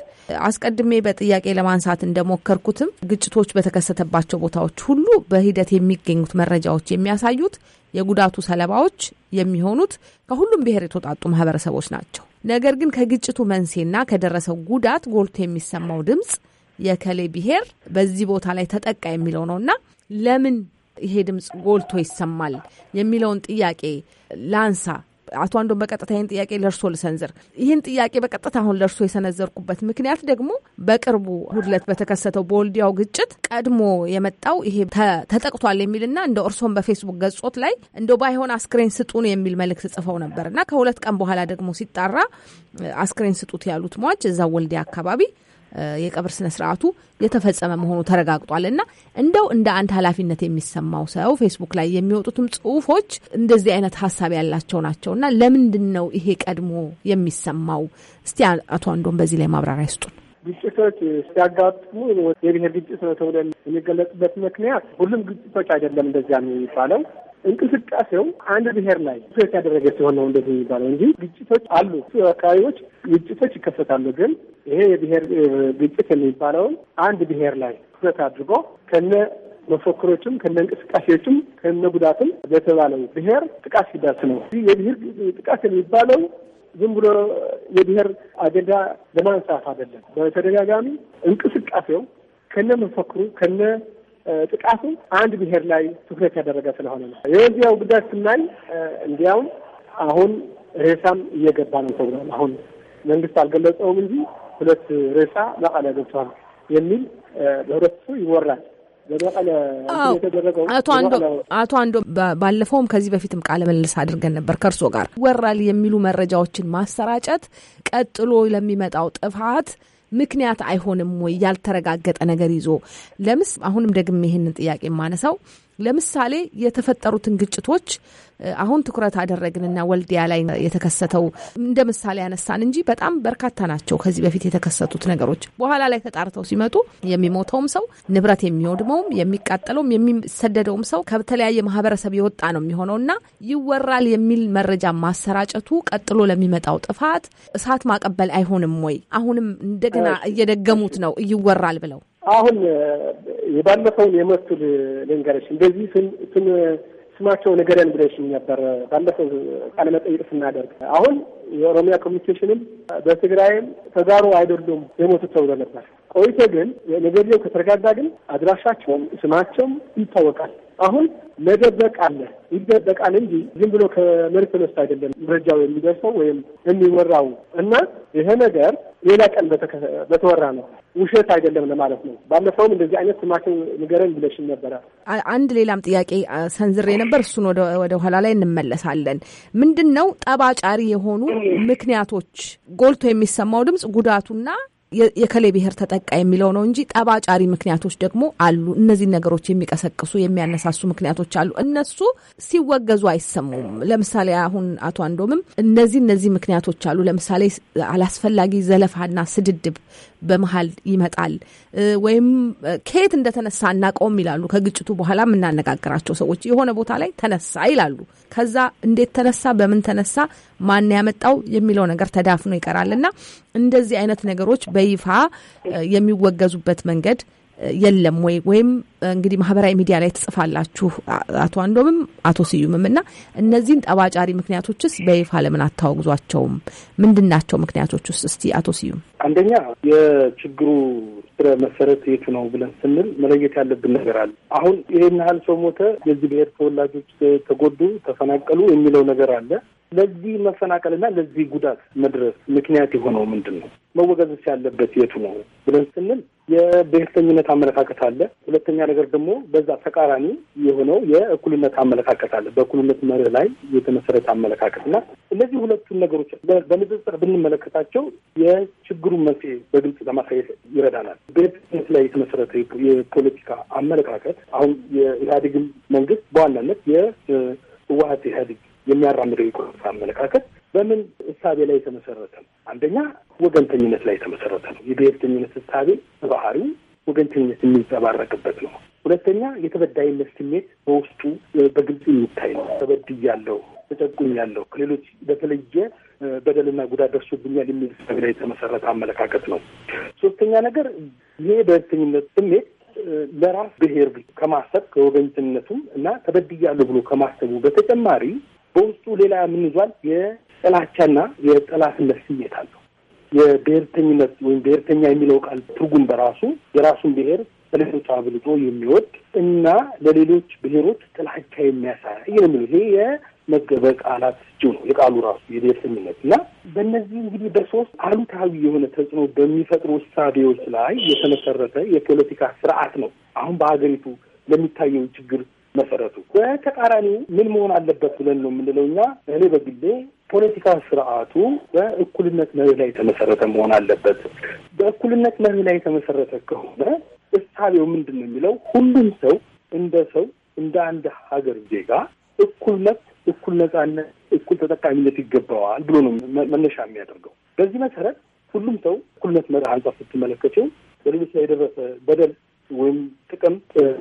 አስቀድሜ በጥያቄ ለማንሳት እንደሞከርኩትም ግጭቶች በተከሰተባቸው ቦታዎች ሁሉ በሂደት የሚገኙት መረጃዎች የሚያሳዩት የጉዳቱ ሰለባዎች የሚሆኑት ከሁሉም ብሔር የተውጣጡ ማህበረሰቦች ናቸው። ነገር ግን ከግጭቱ መንስኤና ከደረሰው ጉዳት ጎልቶ የሚሰማው ድምፅ የከሌ ብሔር በዚህ ቦታ ላይ ተጠቃ የሚለው ነውና ለምን ይሄ ድምፅ ጎልቶ ይሰማል የሚለውን ጥያቄ ላንሳ። አቶ አንዶን በቀጥታ ይህን ጥያቄ ለእርሶ ልሰንዝር። ይህን ጥያቄ በቀጥታ አሁን ለእርሶ የሰነዘርኩበት ምክንያት ደግሞ በቅርቡ ሁድለት በተከሰተው በወልዲያው ግጭት ቀድሞ የመጣው ይሄ ተጠቅቷል የሚልና እንደ እርሶን በፌስቡክ ገጾት ላይ እንደ ባይሆን አስክሬን ስጡን የሚል መልእክት ጽፈው ነበር እና ከሁለት ቀን በኋላ ደግሞ ሲጣራ አስክሬን ስጡት ያሉት ሟች እዛ ወልዲያ አካባቢ የቀብር ስነ ስርዓቱ የተፈጸመ መሆኑ ተረጋግጧል እና እንደው እንደ አንድ ኃላፊነት የሚሰማው ሰው ፌስቡክ ላይ የሚወጡትም ጽሁፎች እንደዚህ አይነት ሀሳብ ያላቸው ናቸው እና ለምንድን ነው ይሄ ቀድሞ የሚሰማው? እስቲ አቶ አንዶን በዚህ ላይ ማብራሪያ ይስጡን። ግጭቶች ሲያጋጥሙ የብሔር ግጭት ነው ተብሎ የሚገለጽበት ምክንያት ሁሉም ግጭቶች አይደለም እንደዚያ የሚባለው እንቅስቃሴው አንድ ብሔር ላይ ት ያደረገ ሲሆን ነው እንደዚህ የሚባለው እንጂ ግጭቶች አሉ። አካባቢዎች ግጭቶች ይከሰታሉ። ግን ይሄ የብሔር ግጭት የሚባለውን አንድ ብሔር ላይ ትኩረት አድርጎ ከነ መፎክሮችም ከነ እንቅስቃሴዎችም ከነ ጉዳትም በተባለው ብሔር ጥቃት ሲደርስ ነው። የብሔር ጥቃት የሚባለው ዝም ብሎ የብሔር አጀንዳ ለማንሳት አይደለም። በተደጋጋሚ እንቅስቃሴው ከነ መፎክሩ ከነ ጥቃቱ አንድ ብሔር ላይ ትኩረት ያደረገ ስለሆነ ነው። የወዚያው ጉዳይ ስናይ እንዲያውም አሁን ሬሳም እየገባ ነው ተብሏል። አሁን መንግስት አልገለጸውም እንጂ ሁለት ሬሳ መቀለ ገብቷል የሚል በህብረተሰቡ ይወራል። አቶ አንዶ ባለፈውም ከዚህ በፊትም ቃለ መልስ አድርገን ነበር ከእርሶ ጋር ይወራል የሚሉ መረጃዎችን ማሰራጨት ቀጥሎ ለሚመጣው ጥፋት ምክንያት አይሆንም ወይ? ያልተረጋገጠ ነገር ይዞ ለምስ አሁንም ደግም ይህንን ጥያቄ የማነሳው ለምሳሌ የተፈጠሩትን ግጭቶች አሁን ትኩረት አደረግንና ወልዲያ ላይ የተከሰተው እንደ ምሳሌ ያነሳን እንጂ በጣም በርካታ ናቸው። ከዚህ በፊት የተከሰቱት ነገሮች በኋላ ላይ ተጣርተው ሲመጡ የሚሞተውም ሰው ንብረት የሚወድመውም የሚቃጠለውም የሚሰደደውም ሰው ከተለያየ ማህበረሰብ የወጣ ነው የሚሆነው እና ይወራል የሚል መረጃ ማሰራጨቱ ቀጥሎ ለሚመጣው ጥፋት እሳት ማቀበል አይሆንም ወይ? አሁንም እንደገና እየደገሙት ነው ይወራል ብለው አሁን የባለፈውን የመቱል ልንገርሽ። እንደዚህ ስም ስማቸው ነገረን ብለሽ ነበር ባለፈው ቃለ መጠይቅ ስናደርግ። አሁን የኦሮሚያ ኮሚኒኬሽንም በትግራይም ተጋሩ አይደሉም የሞቱ ተብሎ ነበር። ቆይቶ ግን ነገሬው ከተረጋጋ ግን አድራሻቸውም ስማቸውም ይታወቃል። አሁን መደበቅ አለ ይደበቃል እንጂ ዝም ብሎ ከመሬት ተነስቶ አይደለም መረጃው የሚደርሰው ወይም የሚወራው እና ይሄ ነገር ሌላ ቀን በተወራ ነው ውሸት አይደለም ለማለት ነው። ባለፈውም እንደዚህ አይነት ስማቸው ንገረን ብለሽን ነበረ። አንድ ሌላም ጥያቄ ሰንዝሬ ነበር። እሱን ወደ ኋላ ላይ እንመለሳለን። ምንድን ነው ጠባጫሪ የሆኑ ምክንያቶች ጎልቶ የሚሰማው ድምፅ ጉዳቱና የከሌ ብሔር ተጠቃ የሚለው ነው እንጂ ጠባጫሪ ምክንያቶች ደግሞ አሉ። እነዚህ ነገሮች የሚቀሰቅሱ የሚያነሳሱ ምክንያቶች አሉ። እነሱ ሲወገዙ አይሰሙም። ለምሳሌ አሁን አቶ አንዶምም እነዚህ እነዚህ ምክንያቶች አሉ። ለምሳሌ አላስፈላጊ ዘለፋና ስድድብ በመሀል ይመጣል ወይም ከየት እንደተነሳ እናቀውም ይላሉ። ከግጭቱ በኋላ የምናነጋግራቸው ሰዎች የሆነ ቦታ ላይ ተነሳ ይላሉ። ከዛ እንዴት ተነሳ፣ በምን ተነሳ፣ ማን ያመጣው የሚለው ነገር ተዳፍኖ ይቀራል እና እንደዚህ አይነት ነገሮች በይፋ የሚወገዙበት መንገድ የለም ወይ? ወይም እንግዲህ ማህበራዊ ሚዲያ ላይ ትጽፋላችሁ አቶ አንዶምም አቶ ስዩምም እና እነዚህን ጠባጫሪ ምክንያቶችስ በይፋ ለምን አታወግዟቸውም? ምንድን ናቸው ምክንያቶች ውስጥ እስቲ አቶ ስዩም። አንደኛ የችግሩ ስረ መሰረት የቱ ነው ብለን ስንል መለየት ያለብን ነገር አለ። አሁን ይህን ያህል ሰው ሞተ፣ የዚህ ብሔር ተወላጆች ተጎዱ፣ ተፈናቀሉ የሚለው ነገር አለ። ለዚህ መፈናቀልና ለዚህ ጉዳት መድረስ ምክንያት የሆነው ምንድን ነው? መወገዘት ያለበት የቱ ነው ብለን ስንል የብሔርተኝነት አመለካከት አለ። ሁለተኛ ነገር ደግሞ በዛ ተቃራኒ የሆነው የእኩልነት አመለካከት አለ። በእኩልነት መርህ ላይ የተመሰረተ አመለካከት እና እነዚህ ሁለቱን ነገሮች በንጽጽር ብንመለከታቸው የችግሩን መንስኤ በግልጽ ለማሳየት ይረዳናል። ብሔርተኝነት ላይ የተመሰረተ የፖለቲካ አመለካከት አሁን የኢህአዴግን መንግስት በዋናነት የህወሀት ኢህአዴግ የሚያራምደው የፖለቲካ አመለካከት በምን እሳቤ ላይ የተመሰረተ ነው? አንደኛ ወገንተኝነት ላይ የተመሰረተ ነው። የብሔርተኝነት እሳቤ በባህሪው ወገንተኝነት የሚንጸባረቅበት ነው። ሁለተኛ የተበዳይነት ስሜት በውስጡ በግልጽ የሚታይ ነው። ተበድያለሁ፣ ተጨቁኛለሁ፣ ከሌሎች በተለየ በደልና ጉዳት ደርሶብኛል የሚል እሳቤ ላይ የተመሰረተ አመለካከት ነው። ሶስተኛ ነገር ይሄ ብሔርተኝነት ስሜት ለራስ ብሔር ከማሰብ ከወገንተኝነቱም እና ተበድያለሁ ብሎ ከማሰቡ በተጨማሪ በውስጡ ሌላ ምንይዟል ጥላቻና የጥላትነት ስሜት አለው። የብሔርተኝነት ወይም ብሔርተኛ የሚለው ቃል ትርጉም በራሱ የራሱን ብሔር ከሌሎች አብልጦ የሚወድ እና ለሌሎች ብሔሮች ጥላቻ የሚያሳይ ነው የሚለው ይሄ የመገበ ቃላት ስጪው ነው የቃሉ ራሱ የብሔርተኝነት እና በእነዚህ እንግዲህ በሶስት አሉታዊ የሆነ ተጽዕኖ በሚፈጥሩ እሳቤዎች ላይ የተመሰረተ የፖለቲካ ስርዓት ነው አሁን በሀገሪቱ ለሚታየው ችግር መሰረቱ። በተቃራኒው ምን መሆን አለበት ብለን ነው የምንለው እኛ እኔ በግሌ ፖለቲካ ስርዓቱ በእኩልነት መርህ ላይ የተመሰረተ መሆን አለበት። በእኩልነት መርህ ላይ የተመሰረተ ከሆነ እሳቤው ምንድን ነው የሚለው ሁሉም ሰው እንደ ሰው እንደ አንድ ሀገር ዜጋ እኩል መብት፣ እኩል ነጻነት፣ እኩል ተጠቃሚነት ይገባዋል ብሎ ነው መነሻ የሚያደርገው። በዚህ መሰረት ሁሉም ሰው እኩልነት መርህ አንጻር ስትመለከቸው በሌሎች ላይ የደረሰ በደል ወይም ጥቅም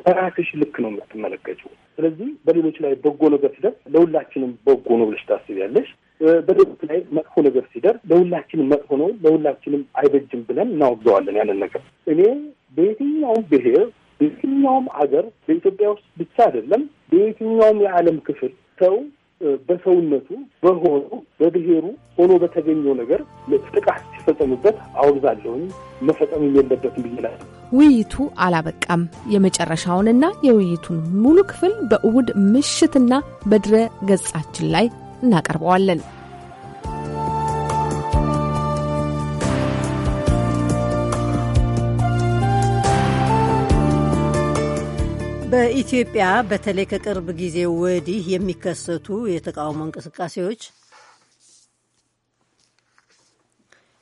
በራስሽ ልክ ነው የምትመለከችው። ስለዚህ በሌሎች ላይ በጎ ነገር ሲደርስ ለሁላችንም በጎ ነው ብለሽ ታስቢያለሽ። በደቡብ ላይ መጥፎ ነገር ሲደርስ ለሁላችንም መጥፎ ነው፣ ለሁላችንም አይበጅም ብለን እናወግዘዋለን። ያንን ነገር እኔ በየትኛውም ብሔር በየትኛውም አገር በኢትዮጵያ ውስጥ ብቻ አይደለም፣ በየትኛውም የዓለም ክፍል ሰው በሰውነቱ በሆኑ በብሔሩ ሆኖ በተገኘው ነገር ጥቃት ሲፈጸምበት አወግዛለሁኝ። መፈጸም የለበትም ብዬ ውይይቱ አላበቃም። የመጨረሻውንና የውይይቱን ሙሉ ክፍል በእሁድ ምሽትና በድረ ገጻችን ላይ እናቀርበዋለን። በኢትዮጵያ በተለይ ከቅርብ ጊዜ ወዲህ የሚከሰቱ የተቃውሞ እንቅስቃሴዎች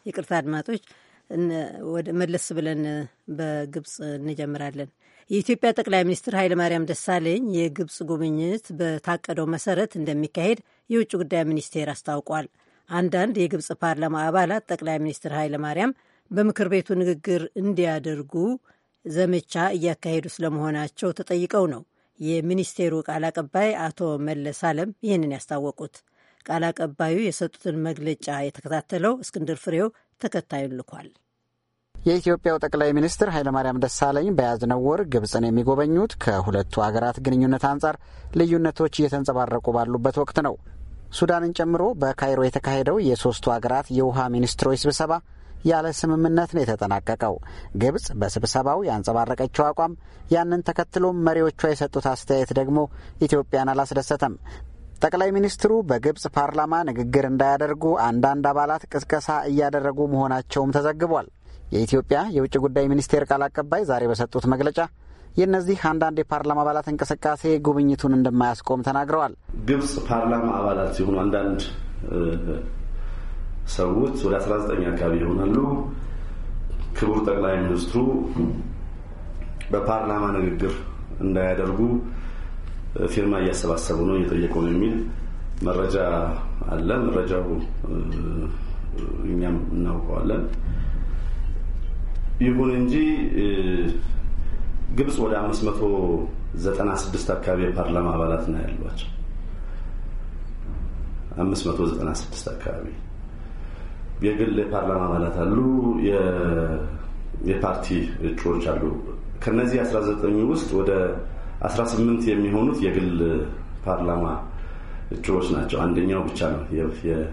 ይቅርታ አድማጮች፣ መለስ ብለን በግብፅ እንጀምራለን። የኢትዮጵያ ጠቅላይ ሚኒስትር ኃይለማርያም ደሳለኝ የግብፅ ጉብኝት በታቀደው መሰረት እንደሚካሄድ የውጭ ጉዳይ ሚኒስቴር አስታውቋል። አንዳንድ የግብፅ ፓርላማ አባላት ጠቅላይ ሚኒስትር ኃይለ ማርያም በምክር ቤቱ ንግግር እንዲያደርጉ ዘመቻ እያካሄዱ ስለመሆናቸው ተጠይቀው ነው የሚኒስቴሩ ቃል አቀባይ አቶ መለስ አለም ይህንን ያስታወቁት። ቃል አቀባዩ የሰጡትን መግለጫ የተከታተለው እስክንድር ፍሬው ተከታዩን ልኳል። የኢትዮጵያው ጠቅላይ ሚኒስትር ኃይለማርያም ደሳለኝ በያዝነው ወር ግብፅን የሚጎበኙት ከሁለቱ አገራት ግንኙነት አንጻር ልዩነቶች እየተንጸባረቁ ባሉበት ወቅት ነው። ሱዳንን ጨምሮ በካይሮ የተካሄደው የሶስቱ ሀገራት የውሃ ሚኒስትሮች ስብሰባ ያለ ስምምነት ነው የተጠናቀቀው። ግብጽ በስብሰባው ያንጸባረቀችው አቋም ያንን ተከትሎም መሪዎቿ የሰጡት አስተያየት ደግሞ ኢትዮጵያን አላስደሰተም። ጠቅላይ ሚኒስትሩ በግብጽ ፓርላማ ንግግር እንዳያደርጉ አንዳንድ አባላት ቅስቀሳ እያደረጉ መሆናቸውም ተዘግቧል። የኢትዮጵያ የውጭ ጉዳይ ሚኒስቴር ቃል አቀባይ ዛሬ በሰጡት መግለጫ የእነዚህ አንዳንድ የፓርላማ አባላት እንቅስቃሴ ጉብኝቱን እንደማያስቆም ተናግረዋል። ግብጽ ፓርላማ አባላት ሲሆኑ አንዳንድ ሰዎች ወደ 19 አካባቢ ይሆናሉ። ክቡር ጠቅላይ ሚኒስትሩ በፓርላማ ንግግር እንዳያደርጉ ፊርማ እያሰባሰቡ ነው እየጠየቁ ነው የሚል መረጃ አለ። መረጃው እኛም እናውቀዋለን። ይሁን እንጂ ግብጽ ወደ 596 አካባቢ የፓርላማ አባላት ነው ያሏቸው። 596 አካባቢ የግል የፓርላማ አባላት አሉ፣ የፓርቲ እጩዎች አሉ። ከነዚህ 19 ውስጥ ወደ 18 የሚሆኑት የግል ፓርላማ እጩዎች ናቸው። አንደኛው ብቻ ነው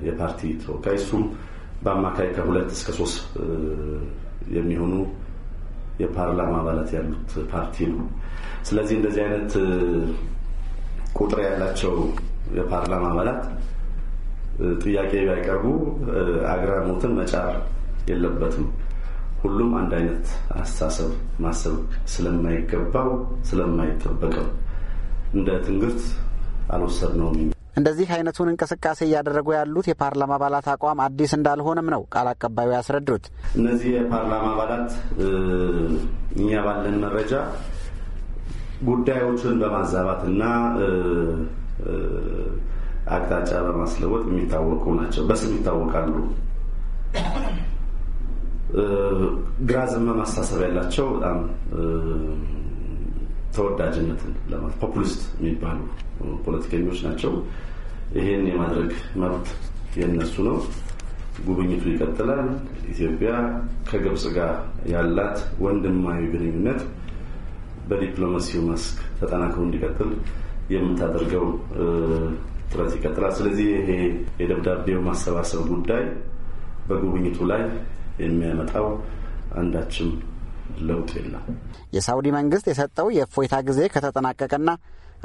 የፓርቲ ተወካይ፣ እሱም በአማካይ ከሁለት እስከ ሶስት የሚሆኑ የፓርላማ አባላት ያሉት ፓርቲ ነው። ስለዚህ እንደዚህ አይነት ቁጥር ያላቸው የፓርላማ አባላት ጥያቄ ቢያቀርቡ አግራሞትን መጫር የለበትም። ሁሉም አንድ አይነት አስተሳሰብ ማሰብ ስለማይገባው ስለማይጠበቀው እንደ ትንግርት አልወሰድነውም። እንደዚህ አይነቱን እንቅስቃሴ እያደረጉ ያሉት የፓርላማ አባላት አቋም አዲስ እንዳልሆነም ነው ቃል አቀባዩ ያስረዱት። እነዚህ የፓርላማ አባላት እኛ ባለን መረጃ ጉዳዮችን በማዛባት አቅጣጫ በማስለወጥ የሚታወቁ ናቸው። በስም ይታወቃሉ። ግራ ዘመም አስተሳሰብ ያላቸው በጣም ተወዳጅነትን ለማለት ፖፑሊስት የሚባሉ ፖለቲከኞች ናቸው። ይሄን የማድረግ መብት የነሱ ነው። ጉብኝቱ ይቀጥላል። ኢትዮጵያ ከግብጽ ጋር ያላት ወንድማዊ ግንኙነት በዲፕሎማሲው መስክ ተጠናክሮ እንዲቀጥል የምታደርገው ጥረት ይቀጥላል። ስለዚህ ይሄ የደብዳቤው ማሰባሰብ ጉዳይ በጉብኝቱ ላይ የሚያመጣው አንዳችም ለውጥ የለም። የሳውዲ መንግስት የሰጠው የእፎይታ ጊዜ ከተጠናቀቀና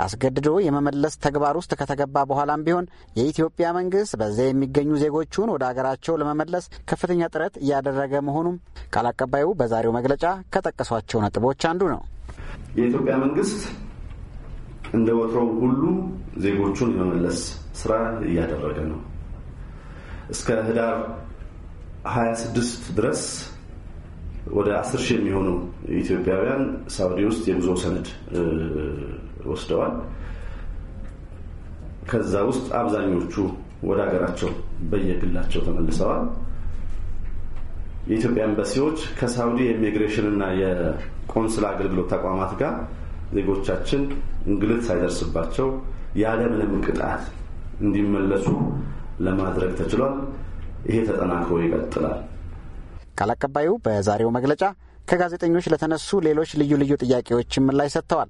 አስገድዶ የመመለስ ተግባር ውስጥ ከተገባ በኋላም ቢሆን የኢትዮጵያ መንግስት በዚያ የሚገኙ ዜጎቹን ወደ አገራቸው ለመመለስ ከፍተኛ ጥረት እያደረገ መሆኑም ቃል አቀባዩ በዛሬው መግለጫ ከጠቀሷቸው ነጥቦች አንዱ ነው። የኢትዮጵያ መንግስት እንደ ወትሮው ሁሉ ዜጎቹን የመመለስ ስራ እያደረገ ነው። እስከ ህዳር 26 ድረስ ወደ 10 ሺህ የሚሆኑ ኢትዮጵያውያን ሳውዲ ውስጥ የጉዞ ሰነድ ወስደዋል። ከዛ ውስጥ አብዛኞቹ ወደ ሀገራቸው በየግላቸው ተመልሰዋል። የኢትዮጵያ ኤምባሲዎች ከሳውዲ የኢሚግሬሽን እና የቆንስላ አገልግሎት ተቋማት ጋር ዜጎቻችን እንግልት ሳይደርስባቸው ያለምንም ቅጣት እንዲመለሱ ለማድረግ ተችሏል። ይሄ ተጠናክሮ ይቀጥላል። ቃል አቀባዩ በዛሬው መግለጫ ከጋዜጠኞች ለተነሱ ሌሎች ልዩ ልዩ ጥያቄዎችም ምላሽ ሰጥተዋል።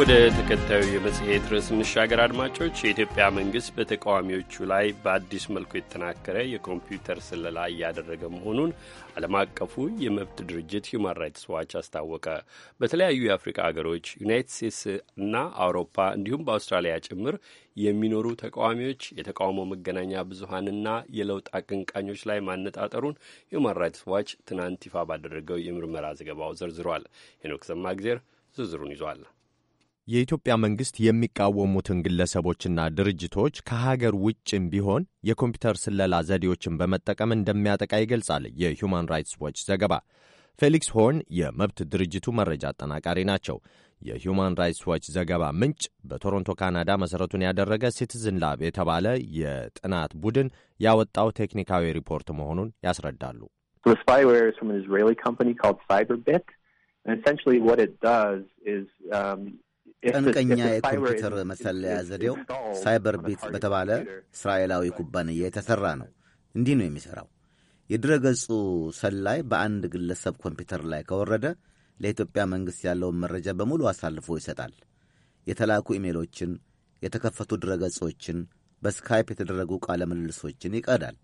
ወደ ተከታዩ የመጽሔት ርዕስ እንሻገር። አድማጮች፣ የኢትዮጵያ መንግሥት በተቃዋሚዎቹ ላይ በአዲስ መልኩ የተናከረ የኮምፒውተር ስለላ እያደረገ መሆኑን ዓለም አቀፉ የመብት ድርጅት ሂውማን ራይትስ ዋች አስታወቀ። በተለያዩ የአፍሪካ አገሮች፣ ዩናይትድ ስቴትስ እና አውሮፓ እንዲሁም በአውስትራሊያ ጭምር የሚኖሩ ተቃዋሚዎች የተቃውሞ መገናኛ ብዙሀንና የለውጥ አቀንቃኞች ላይ ማነጣጠሩን ሂውማን ራይትስ ዋች ትናንት ይፋ ባደረገው የምርመራ ዘገባው ዘርዝሯል። ሄኖክ ሰማግዜር ዝርዝሩን ይዟል። የኢትዮጵያ መንግሥት የሚቃወሙትን ግለሰቦችና ድርጅቶች ከሀገር ውጭም ቢሆን የኮምፒውተር ስለላ ዘዴዎችን በመጠቀም እንደሚያጠቃ ይገልጻል የሁማን ራይትስ ዎች ዘገባ። ፌሊክስ ሆርን የመብት ድርጅቱ መረጃ አጠናቃሪ ናቸው። የሁማን ራይትስ ዎች ዘገባ ምንጭ በቶሮንቶ ካናዳ መሠረቱን ያደረገ ሲቲዝን ላብ የተባለ የጥናት ቡድን ያወጣው ቴክኒካዊ ሪፖርት መሆኑን ያስረዳሉ። ጠንቀኛ የኮምፒውተር መሰለያ ዘዴው ሳይበር ቢት በተባለ እስራኤላዊ ኩባንያ የተሠራ ነው። እንዲህ ነው የሚሠራው። ገጹ ሰላይ በአንድ ግለሰብ ኮምፒውተር ላይ ከወረደ ለኢትዮጵያ መንግሥት ያለውን መረጃ በሙሉ አሳልፎ ይሰጣል። የተላኩ ኢሜሎችን፣ የተከፈቱ ገጾችን በስካይፕ የተደረጉ ቃለ ምልልሶችን ይቀዳል።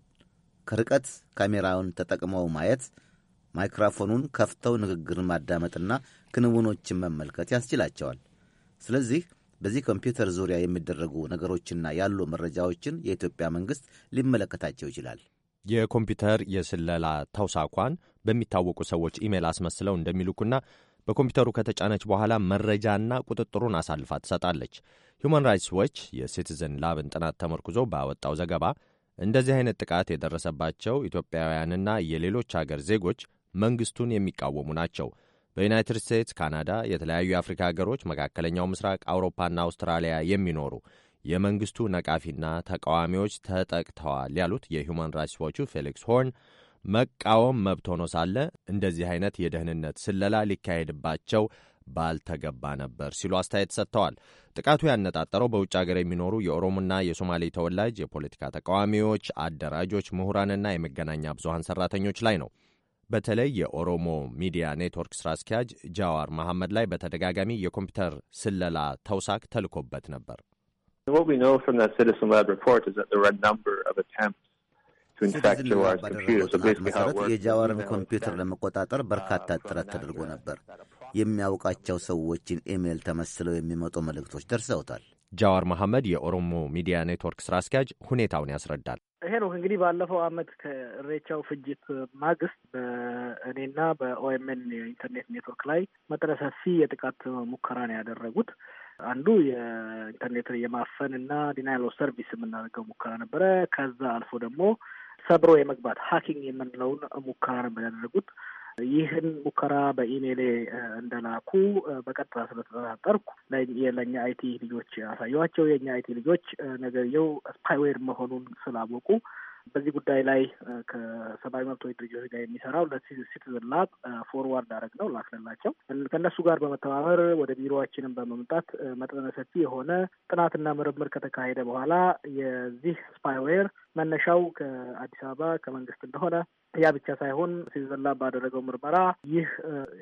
ከርቀት ካሜራውን ተጠቅመው ማየት፣ ማይክሮፎኑን ከፍተው ንግግርን ማዳመጥና ክንውኖችን መመልከት ያስችላቸዋል። ስለዚህ በዚህ ኮምፒውተር ዙሪያ የሚደረጉ ነገሮችና ያሉ መረጃዎችን የኢትዮጵያ መንግሥት ሊመለከታቸው ይችላል። የኮምፒውተር የስለላ ተውሳኳን በሚታወቁ ሰዎች ኢሜል አስመስለው እንደሚልኩና በኮምፒውተሩ ከተጫነች በኋላ መረጃና ቁጥጥሩን አሳልፋ ትሰጣለች። ሁማን ራይትስ ዎች የሲቲዝን ላብን ጥናት ተመርኩዞ ባወጣው ዘገባ እንደዚህ አይነት ጥቃት የደረሰባቸው ኢትዮጵያውያንና የሌሎች አገር ዜጎች መንግሥቱን የሚቃወሙ ናቸው። በዩናይትድ ስቴትስ፣ ካናዳ፣ የተለያዩ የአፍሪካ ሀገሮች፣ መካከለኛው ምስራቅ፣ አውሮፓና አውስትራሊያ የሚኖሩ የመንግስቱ ነቃፊና ተቃዋሚዎች ተጠቅተዋል ያሉት የሁማን ራይትስ ዋቹ ፌሊክስ ሆርን መቃወም መብት ሆኖ ሳለ እንደዚህ አይነት የደህንነት ስለላ ሊካሄድባቸው ባልተገባ ነበር ሲሉ አስተያየት ሰጥተዋል። ጥቃቱ ያነጣጠረው በውጭ ሀገር የሚኖሩ የኦሮሞና የሶማሌ ተወላጅ የፖለቲካ ተቃዋሚዎች፣ አደራጆች፣ ምሁራንና የመገናኛ ብዙሀን ሰራተኞች ላይ ነው። በተለይ የኦሮሞ ሚዲያ ኔትወርክ ስራ አስኪያጅ ጃዋር መሐመድ ላይ በተደጋጋሚ የኮምፒውተር ስለላ ተውሳክ ተልኮበት ነበር። መሰረት የጃዋርን ኮምፒውተር ለመቆጣጠር በርካታ ጥረት ተደርጎ ነበር። የሚያውቃቸው ሰዎችን ኢሜይል ተመስለው የሚመጡ መልእክቶች ደርሰውታል። ጃዋር መሐመድ የኦሮሞ ሚዲያ ኔትወርክ ስራ አስኪያጅ ሁኔታውን ያስረዳል። ይሄ ነው እንግዲህ ባለፈው አመት ከሬቻው ፍጅት ማግስት በእኔና በኦኤምኤን የኢንተርኔት ኔትወርክ ላይ መጠነ ሰፊ የጥቃት ሙከራ ነው ያደረጉት። አንዱ የኢንተርኔት የማፈን እና ዲናይል ኦፍ ሰርቪስ የምናደርገው ሙከራ ነበረ። ከዛ አልፎ ደግሞ ሰብሮ የመግባት ሀኪንግ የምንለውን ሙከራ ነበር ያደረጉት። ይህን ሙከራ በኢሜይሌ እንደላኩ በቀጥታ ስለተጠራጠርኩ ለእኛ አይቲ ልጆች ያሳየኋቸው። የእኛ አይቲ ልጆች ነገርየው ስፓይዌር መሆኑን ስላወቁ በዚህ ጉዳይ ላይ ከሰብአዊ መብቶች ድርጅቶች ጋር የሚሰራው ለሲቲዝን ላብ ፎርዋርድ አደረግ ነው ላክንላቸው። ከእነሱ ጋር በመተባበር ወደ ቢሮዋችንም በመምጣት መጠነ ሰፊ የሆነ ጥናትና ምርምር ከተካሄደ በኋላ የዚህ ስፓይዌር መነሻው ከአዲስ አበባ ከመንግስት እንደሆነ ያ ብቻ ሳይሆን ሲዘላ ባደረገው ምርመራ ይህ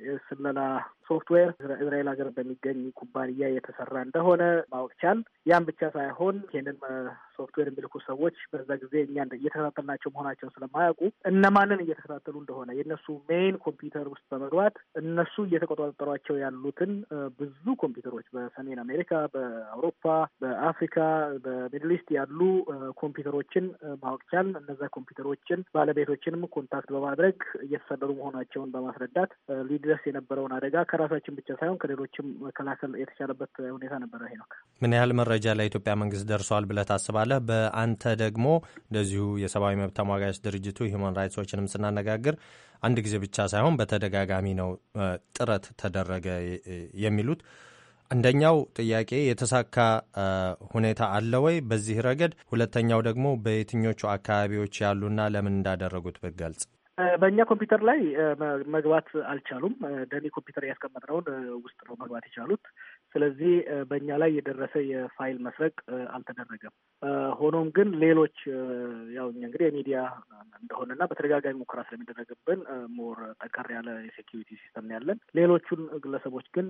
የስለላ ሶፍትዌር እስራኤል ሀገር በሚገኝ ኩባንያ የተሰራ እንደሆነ ማወቅ ቻል። ያን ብቻ ሳይሆን ይህንን ሶፍትዌር የሚልኩ ሰዎች በዛ ጊዜ እኛ እየተከታተልናቸው መሆናቸውን ስለማያውቁ እነማንን እየተከታተሉ እንደሆነ የእነሱ ሜይን ኮምፒውተር ውስጥ በመግባት እነሱ እየተቆጣጠሯቸው ያሉትን ብዙ ኮምፒውተሮች በሰሜን አሜሪካ፣ በአውሮፓ፣ በአፍሪካ፣ በሚድል ኢስት ያሉ ኮምፒውተሮችን ማወቅ ቻል። እነዛ ኮምፒውተሮችን ባለቤቶችንም ኮንታክት በማድረግ እየተሰደሩ መሆናቸውን በማስረዳት ሊድረስ የነበረውን አደጋ ከራሳችን ብቻ ሳይሆን ከሌሎችም መከላከል የተቻለበት ሁኔታ ነበረ። ሄኖክ፣ ምን ያህል መረጃ ለኢትዮጵያ መንግስት ደርሷል ብለህ ታስባለህ? በአንተ ደግሞ እንደዚሁ የሰብአዊ መብት ተሟጋች ድርጅቱ ሂውማን ራይትስ ዎችንም ስናነጋግር አንድ ጊዜ ብቻ ሳይሆን በተደጋጋሚ ነው ጥረት ተደረገ የሚሉት። አንደኛው ጥያቄ የተሳካ ሁኔታ አለ ወይ በዚህ ረገድ? ሁለተኛው ደግሞ በየትኞቹ አካባቢዎች ያሉና ለምን እንዳደረጉት ብትገልጽ። በእኛ ኮምፒውተር ላይ መግባት አልቻሉም። ደኒ ኮምፒውተር ያስቀመጥነውን ውስጥ ነው መግባት የቻሉት። ስለዚህ በእኛ ላይ የደረሰ የፋይል መስረቅ አልተደረገም። ሆኖም ግን ሌሎች ያው እኛ እንግዲህ የሚዲያ እንደሆነና በተደጋጋሚ ሙከራ ስለሚደረግብን ሞር ጠንከር ያለ የሴኪሪቲ ሲስተም ያለን፣ ሌሎቹን ግለሰቦች ግን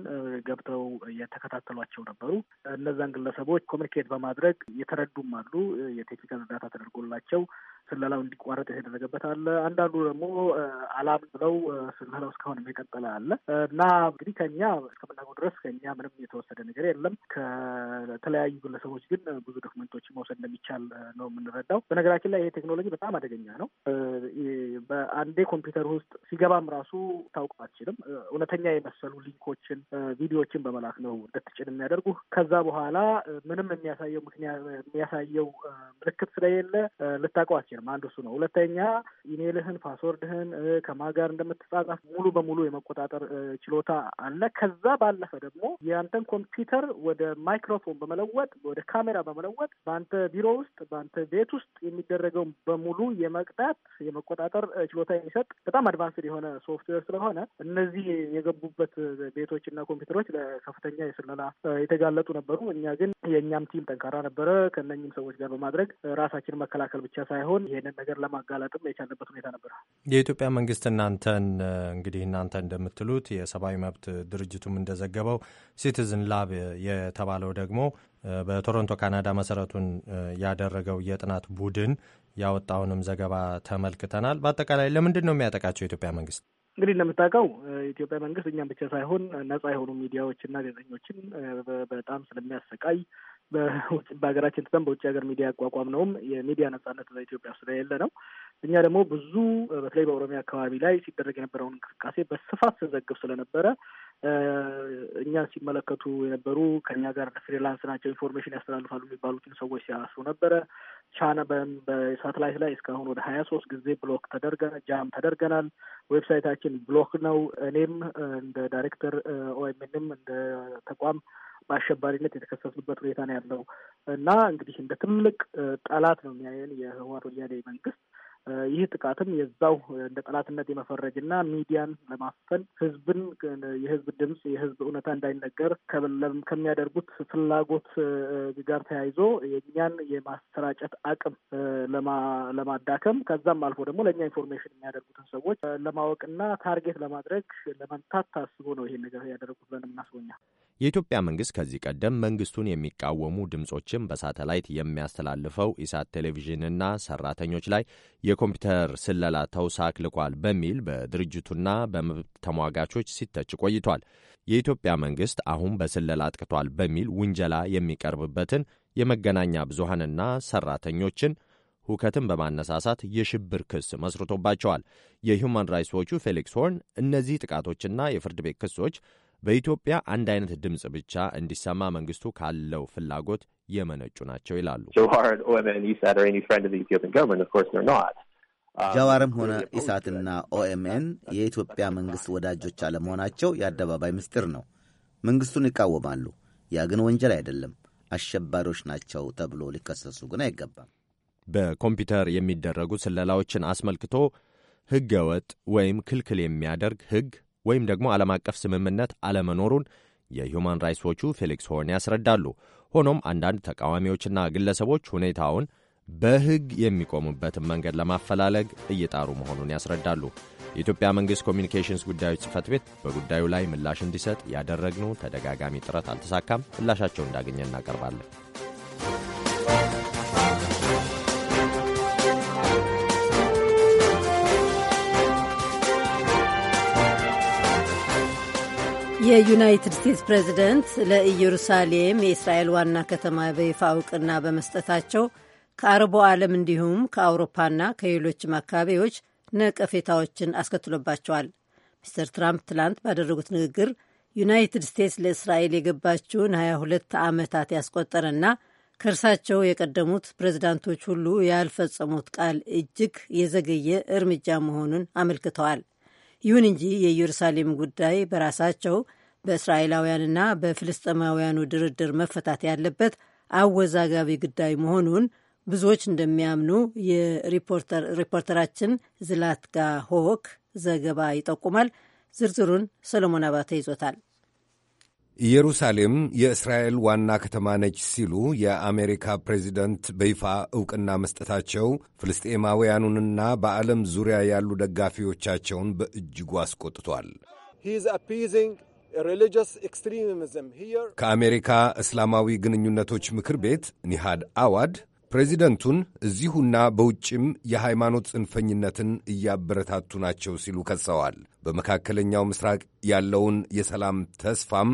ገብተው የተከታተሏቸው ነበሩ። እነዛን ግለሰቦች ኮሚኒኬት በማድረግ የተረዱም አሉ የቴክኒካል እርዳታ ተደርጎላቸው ስለላው እንዲቋረጥ የተደረገበት አለ። አንዳንዱ ደግሞ አላምን ብለው ስለላው እስካሁን የቀጠለ አለ እና እንግዲህ ከኛ እስከምናውቀው ድረስ ከኛ ምንም የተወሰደ ነገር የለም። ከተለያዩ ግለሰቦች ግን ብዙ ዶክመንቶች መውሰድ እንደሚቻል ነው የምንረዳው። በነገራችን ላይ ይሄ ቴክኖሎጂ በጣም አደገኛ ነው። በአንዴ ኮምፒውተር ውስጥ ሲገባም ራሱ ታውቀው አትችልም። እውነተኛ የመሰሉ ሊንኮችን፣ ቪዲዮችን በመላክ ነው እንድትጭን የሚያደርጉ። ከዛ በኋላ ምንም የሚያሳየው ምክንያት የሚያሳየው ምልክት ስለሌለ ልታውቀው አትችልም። አትችልም። አንዱ እሱ ነው። ሁለተኛ ኢሜልህን፣ ፓስወርድህን ከማ ጋር እንደምትጻጻፍ ሙሉ በሙሉ የመቆጣጠር ችሎታ አለ። ከዛ ባለፈ ደግሞ የአንተን ኮምፒውተር ወደ ማይክሮፎን በመለወጥ ወደ ካሜራ በመለወጥ በአንተ ቢሮ ውስጥ በአንተ ቤት ውስጥ የሚደረገውን በሙሉ የመቅዳት የመቆጣጠር ችሎታ የሚሰጥ በጣም አድቫንስድ የሆነ ሶፍትዌር ስለሆነ እነዚህ የገቡበት ቤቶችና ኮምፒውተሮች ለከፍተኛ የስለላ የተጋለጡ ነበሩ። እኛ ግን የእኛም ቲም ጠንካራ ነበረ። ከእነኝም ሰዎች ጋር በማድረግ ራሳችን መከላከል ብቻ ሳይሆን ይህንን ነገር ለማጋለጥም የቻለበት ሁኔታ ነበር። የኢትዮጵያ መንግስት እናንተን እንግዲህ እናንተ እንደምትሉት የሰብአዊ መብት ድርጅቱም እንደዘገበው ሲቲዝን ላብ የተባለው ደግሞ በቶሮንቶ ካናዳ መሰረቱን ያደረገው የጥናት ቡድን ያወጣውንም ዘገባ ተመልክተናል። በአጠቃላይ ለምንድን ነው የሚያጠቃቸው የኢትዮጵያ መንግስት? እንግዲህ እንደምታውቀው የኢትዮጵያ መንግስት እኛም ብቻ ሳይሆን ነጻ የሆኑ ሚዲያዎችና ጋዜጠኞችን በጣም ስለሚያሰቃይ [LAUGHS] በሀገራችን ትተን በውጭ ሀገር ሚዲያ ያቋቋም ነውም የሚዲያ ነጻነት በኢትዮጵያ ስለሌለ ነው። እኛ ደግሞ ብዙ በተለይ በኦሮሚያ አካባቢ ላይ ሲደረግ የነበረውን እንቅስቃሴ በስፋት ስንዘግብ ስለነበረ እኛን ሲመለከቱ የነበሩ ከኛ ጋር ፍሪላንስ ናቸው ኢንፎርሜሽን ያስተላልፋሉ የሚባሉትን ሰዎች ሲያስሩ ነበረ። ቻና በሳተላይት ላይ እስካሁን ወደ ሀያ ሶስት ጊዜ ብሎክ ተደርገናል፣ ጃም ተደርገናል። ዌብሳይታችን ብሎክ ነው። እኔም እንደ ዳይሬክተር ኦኤምኤንም እንደ ተቋም በአሸባሪነት የተከሰሱበት ሁኔታ ነው ያለው እና እንግዲህ እንደ ትልቅ ጠላት ነው የሚያየን የህወሓት ወያኔ መንግስት። ይህ ጥቃትም የዛው እንደ ጠላትነት የመፈረጅና ሚዲያን ለማፈን ህዝብን የህዝብ ድምፅ የህዝብ እውነታ እንዳይነገር ከሚያደርጉት ፍላጎት ጋር ተያይዞ የእኛን የማሰራጨት አቅም ለማዳከም ከዛም አልፎ ደግሞ ለእኛ ኢንፎርሜሽን የሚያደርጉትን ሰዎች ለማወቅና ታርጌት ለማድረግ ለመምታት ታስቦ ነው ይሄን ነገር ያደረጉት ብለን የምናስበኛል። የኢትዮጵያ መንግሥት ከዚህ ቀደም መንግሥቱን የሚቃወሙ ድምፆችን በሳተላይት የሚያስተላልፈው ኢሳት ቴሌቪዥንና ሰራተኞች ላይ የኮምፒውተር ስለላ ተውሳክ ልኳል በሚል በድርጅቱና በመብት ተሟጋቾች ሲተች ቆይቷል። የኢትዮጵያ መንግሥት አሁን በስለላ አጥቅቷል በሚል ውንጀላ የሚቀርብበትን የመገናኛ ብዙሃንና ሰራተኞችን ሁከትን በማነሳሳት የሽብር ክስ መስርቶባቸዋል። የሁማን ራይትስ ዎቹ ፌሊክስ ሆርን እነዚህ ጥቃቶችና የፍርድ ቤት ክሶች በኢትዮጵያ አንድ አይነት ድምፅ ብቻ እንዲሰማ መንግስቱ ካለው ፍላጎት የመነጩ ናቸው ይላሉ። uh, ጃዋርም ሆነ ኢሳትና ኦኤምኤን የኢትዮጵያ መንግስት ወዳጆች አለመሆናቸው የአደባባይ ምስጢር ነው። መንግስቱን ይቃወማሉ። ያ ግን ወንጀል አይደለም። አሸባሪዎች ናቸው ተብሎ ሊከሰሱ ግን አይገባም። በኮምፒውተር የሚደረጉ ስለላዎችን አስመልክቶ ህገወጥ ወጥ ወይም ክልክል የሚያደርግ ህግ። ወይም ደግሞ ዓለም አቀፍ ስምምነት አለመኖሩን የሁማን ራይትስ ዎቹ ፌሊክስ ሆርን ያስረዳሉ። ሆኖም አንዳንድ ተቃዋሚዎችና ግለሰቦች ሁኔታውን በሕግ የሚቆሙበትን መንገድ ለማፈላለግ እየጣሩ መሆኑን ያስረዳሉ። የኢትዮጵያ መንግሥት ኮሚኒኬሽንስ ጉዳዮች ጽፈት ቤት በጉዳዩ ላይ ምላሽ እንዲሰጥ ያደረግነው ተደጋጋሚ ጥረት አልተሳካም። ምላሻቸውን እንዳገኘ እናቀርባለን። የዩናይትድ ስቴትስ ፕሬዝደንት ለኢየሩሳሌም የእስራኤል ዋና ከተማ በይፋ እውቅና በመስጠታቸው ከአረቡ ዓለም እንዲሁም ከአውሮፓና ከሌሎችም አካባቢዎች ነቀፌታዎችን አስከትሎባቸዋል። ሚስተር ትራምፕ ትላንት ባደረጉት ንግግር ዩናይትድ ስቴትስ ለእስራኤል የገባችውን 22 ዓመታት ያስቆጠረና ከእርሳቸው የቀደሙት ፕሬዚዳንቶች ሁሉ ያልፈጸሙት ቃል እጅግ የዘገየ እርምጃ መሆኑን አመልክተዋል። ይሁን እንጂ የኢየሩሳሌም ጉዳይ በራሳቸው በእስራኤላውያንና በፍልስጤማውያኑ ድርድር መፈታት ያለበት አወዛጋቢ ጉዳይ መሆኑን ብዙዎች እንደሚያምኑ የሪፖርተራችን ዝላትጋ ሆክ ዘገባ ይጠቁማል። ዝርዝሩን ሰሎሞን አባተ ይዞታል። ኢየሩሳሌም የእስራኤል ዋና ከተማ ነች ሲሉ የአሜሪካ ፕሬዚደንት በይፋ ዕውቅና መስጠታቸው ፍልስጤማውያኑንና በዓለም ዙሪያ ያሉ ደጋፊዎቻቸውን በእጅጉ አስቆጥቷል። ከአሜሪካ እስላማዊ ግንኙነቶች ምክር ቤት ኒሃድ አዋድ ፕሬዚደንቱን እዚሁና በውጭም የሃይማኖት ጽንፈኝነትን እያበረታቱ ናቸው ሲሉ ከሰዋል። በመካከለኛው ምስራቅ ያለውን የሰላም ተስፋም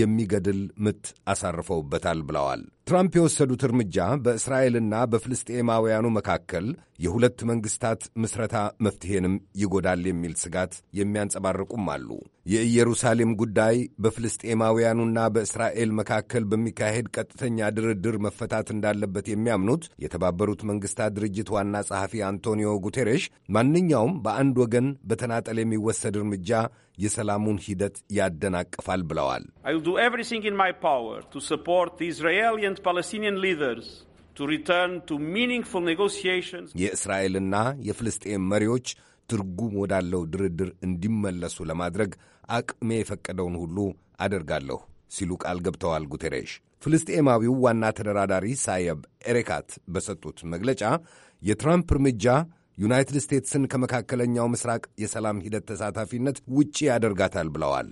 የሚገድል ምት አሳርፈውበታል ብለዋል። ትራምፕ የወሰዱት እርምጃ በእስራኤልና በፍልስጤማውያኑ መካከል የሁለት መንግስታት ምስረታ መፍትሄንም ይጎዳል የሚል ስጋት የሚያንጸባርቁም አሉ። የኢየሩሳሌም ጉዳይ በፍልስጤማውያኑና በእስራኤል መካከል በሚካሄድ ቀጥተኛ ድርድር መፈታት እንዳለበት የሚያምኑት የተባበሩት መንግስታት ድርጅት ዋና ጸሐፊ አንቶኒዮ ጉቴሬሽ ማንኛውም በአንድ ወገን በተናጠል የሚወሰድ እርምጃ የሰላሙን ሂደት ያደናቅፋል ብለዋል። የእስራኤልና የፍልስጤም መሪዎች ትርጉም ወዳለው ድርድር እንዲመለሱ ለማድረግ አቅሜ የፈቀደውን ሁሉ አደርጋለሁ ሲሉ ቃል ገብተዋል ጉቴሬሽ። ፍልስጤማዊው ዋና ተደራዳሪ ሳየብ ኤሬካት በሰጡት መግለጫ የትራምፕ እርምጃ ዩናይትድ ስቴትስን ከመካከለኛው ምስራቅ የሰላም ሂደት ተሳታፊነት ውጪ ያደርጋታል ብለዋል።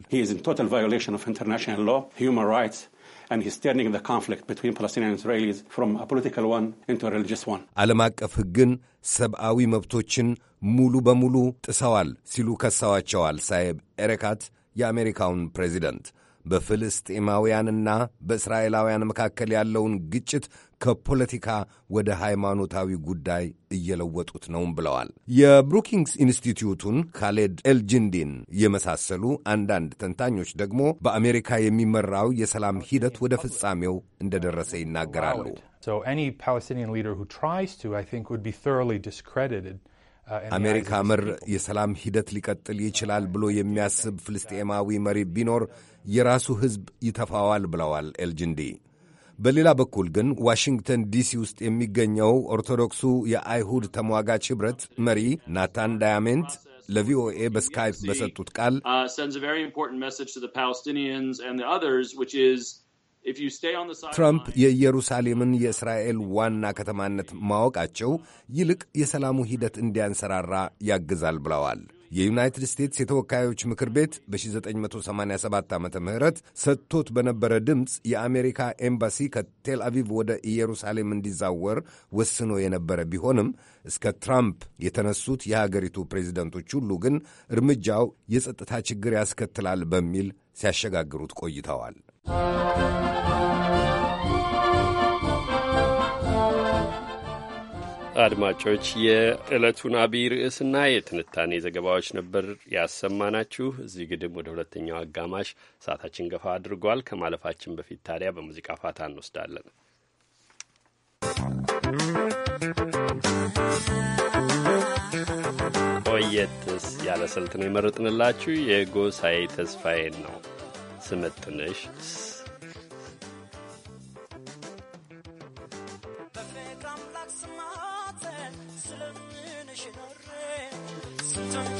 ዓለም አቀፍ ሕግን፣ ሰብአዊ መብቶችን ሙሉ በሙሉ ጥሰዋል ሲሉ ከሰዋቸዋል። ሳይብ ኤሬካት የአሜሪካውን ፕሬዚደንት በፍልስጤማውያንና በእስራኤላውያን መካከል ያለውን ግጭት ከፖለቲካ ወደ ሃይማኖታዊ ጉዳይ እየለወጡት ነውም ብለዋል። የብሩኪንግስ ኢንስቲትዩቱን ካሌድ ኤልጅንዲን የመሳሰሉ አንዳንድ ተንታኞች ደግሞ በአሜሪካ የሚመራው የሰላም ሂደት ወደ ፍጻሜው እንደደረሰ ይናገራሉ። uh, አሜሪካ መር የሰላም ሂደት ሊቀጥል ይችላል ብሎ የሚያስብ ፍልስጤማዊ መሪ ቢኖር የራሱ ሕዝብ ይተፋዋል ብለዋል ኤልጅንዲ። በሌላ በኩል ግን ዋሽንግተን ዲሲ ውስጥ የሚገኘው ኦርቶዶክሱ የአይሁድ ተሟጋች ኅብረት መሪ ናታን ዳያሜንት ለቪኦኤ በስካይፕ በሰጡት ቃል uh, ትራምፕ የኢየሩሳሌምን የእስራኤል ዋና ከተማነት ማወቃቸው ይልቅ የሰላሙ ሂደት እንዲያንሰራራ ያግዛል ብለዋል። የዩናይትድ ስቴትስ የተወካዮች ምክር ቤት በ1987 ዓ ም ሰጥቶት በነበረ ድምፅ የአሜሪካ ኤምባሲ ከቴል አቪቭ ወደ ኢየሩሳሌም እንዲዛወር ወስኖ የነበረ ቢሆንም እስከ ትራምፕ የተነሱት የሀገሪቱ ፕሬዚደንቶች ሁሉ ግን እርምጃው የጸጥታ ችግር ያስከትላል በሚል ሲያሸጋግሩት ቆይተዋል። አድማጮች የዕለቱን አብይ ርዕስና የትንታኔ ዘገባዎች ነበር ያሰማናችሁ። እዚህ ግድም ወደ ሁለተኛው አጋማሽ ሰዓታችን ገፋ አድርጓል። ከማለፋችን በፊት ታዲያ በሙዚቃ ፋታ እንወስዳለን። ቆየትስ ያለ ስልት ነው የመረጥንላችሁ። የጎሳዬ ተስፋዬን ነው ስምጥንሽ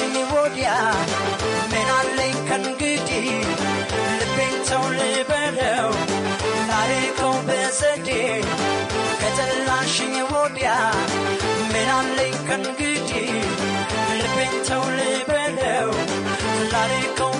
ከመጣሽኝ ወዲያ ምን አለኝ ከእንግዲህ ልቤን ተው ልበለው ታሪከው በዘዴ ከጠላሽኝ ወዲያ ምን አለኝ ከእንግዲህ ልቤን ተው ልበለው ታሪከው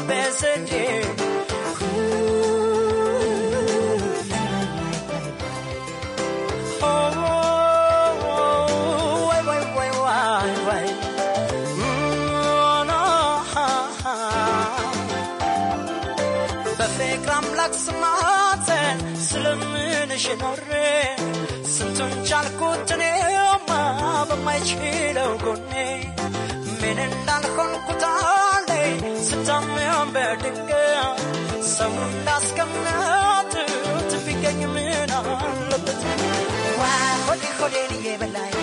ስልሽ ኖሬ ስንቱን ቻልኩት እኔማ በማይችለው ጎኔ ምን እንዳልሆንኩታለይ ስታምም በድንገት ሰው እንዳስቀምጡት ቢገኝ ምን አለበት ዋ ሆዴ ሆዴን እየበላኝ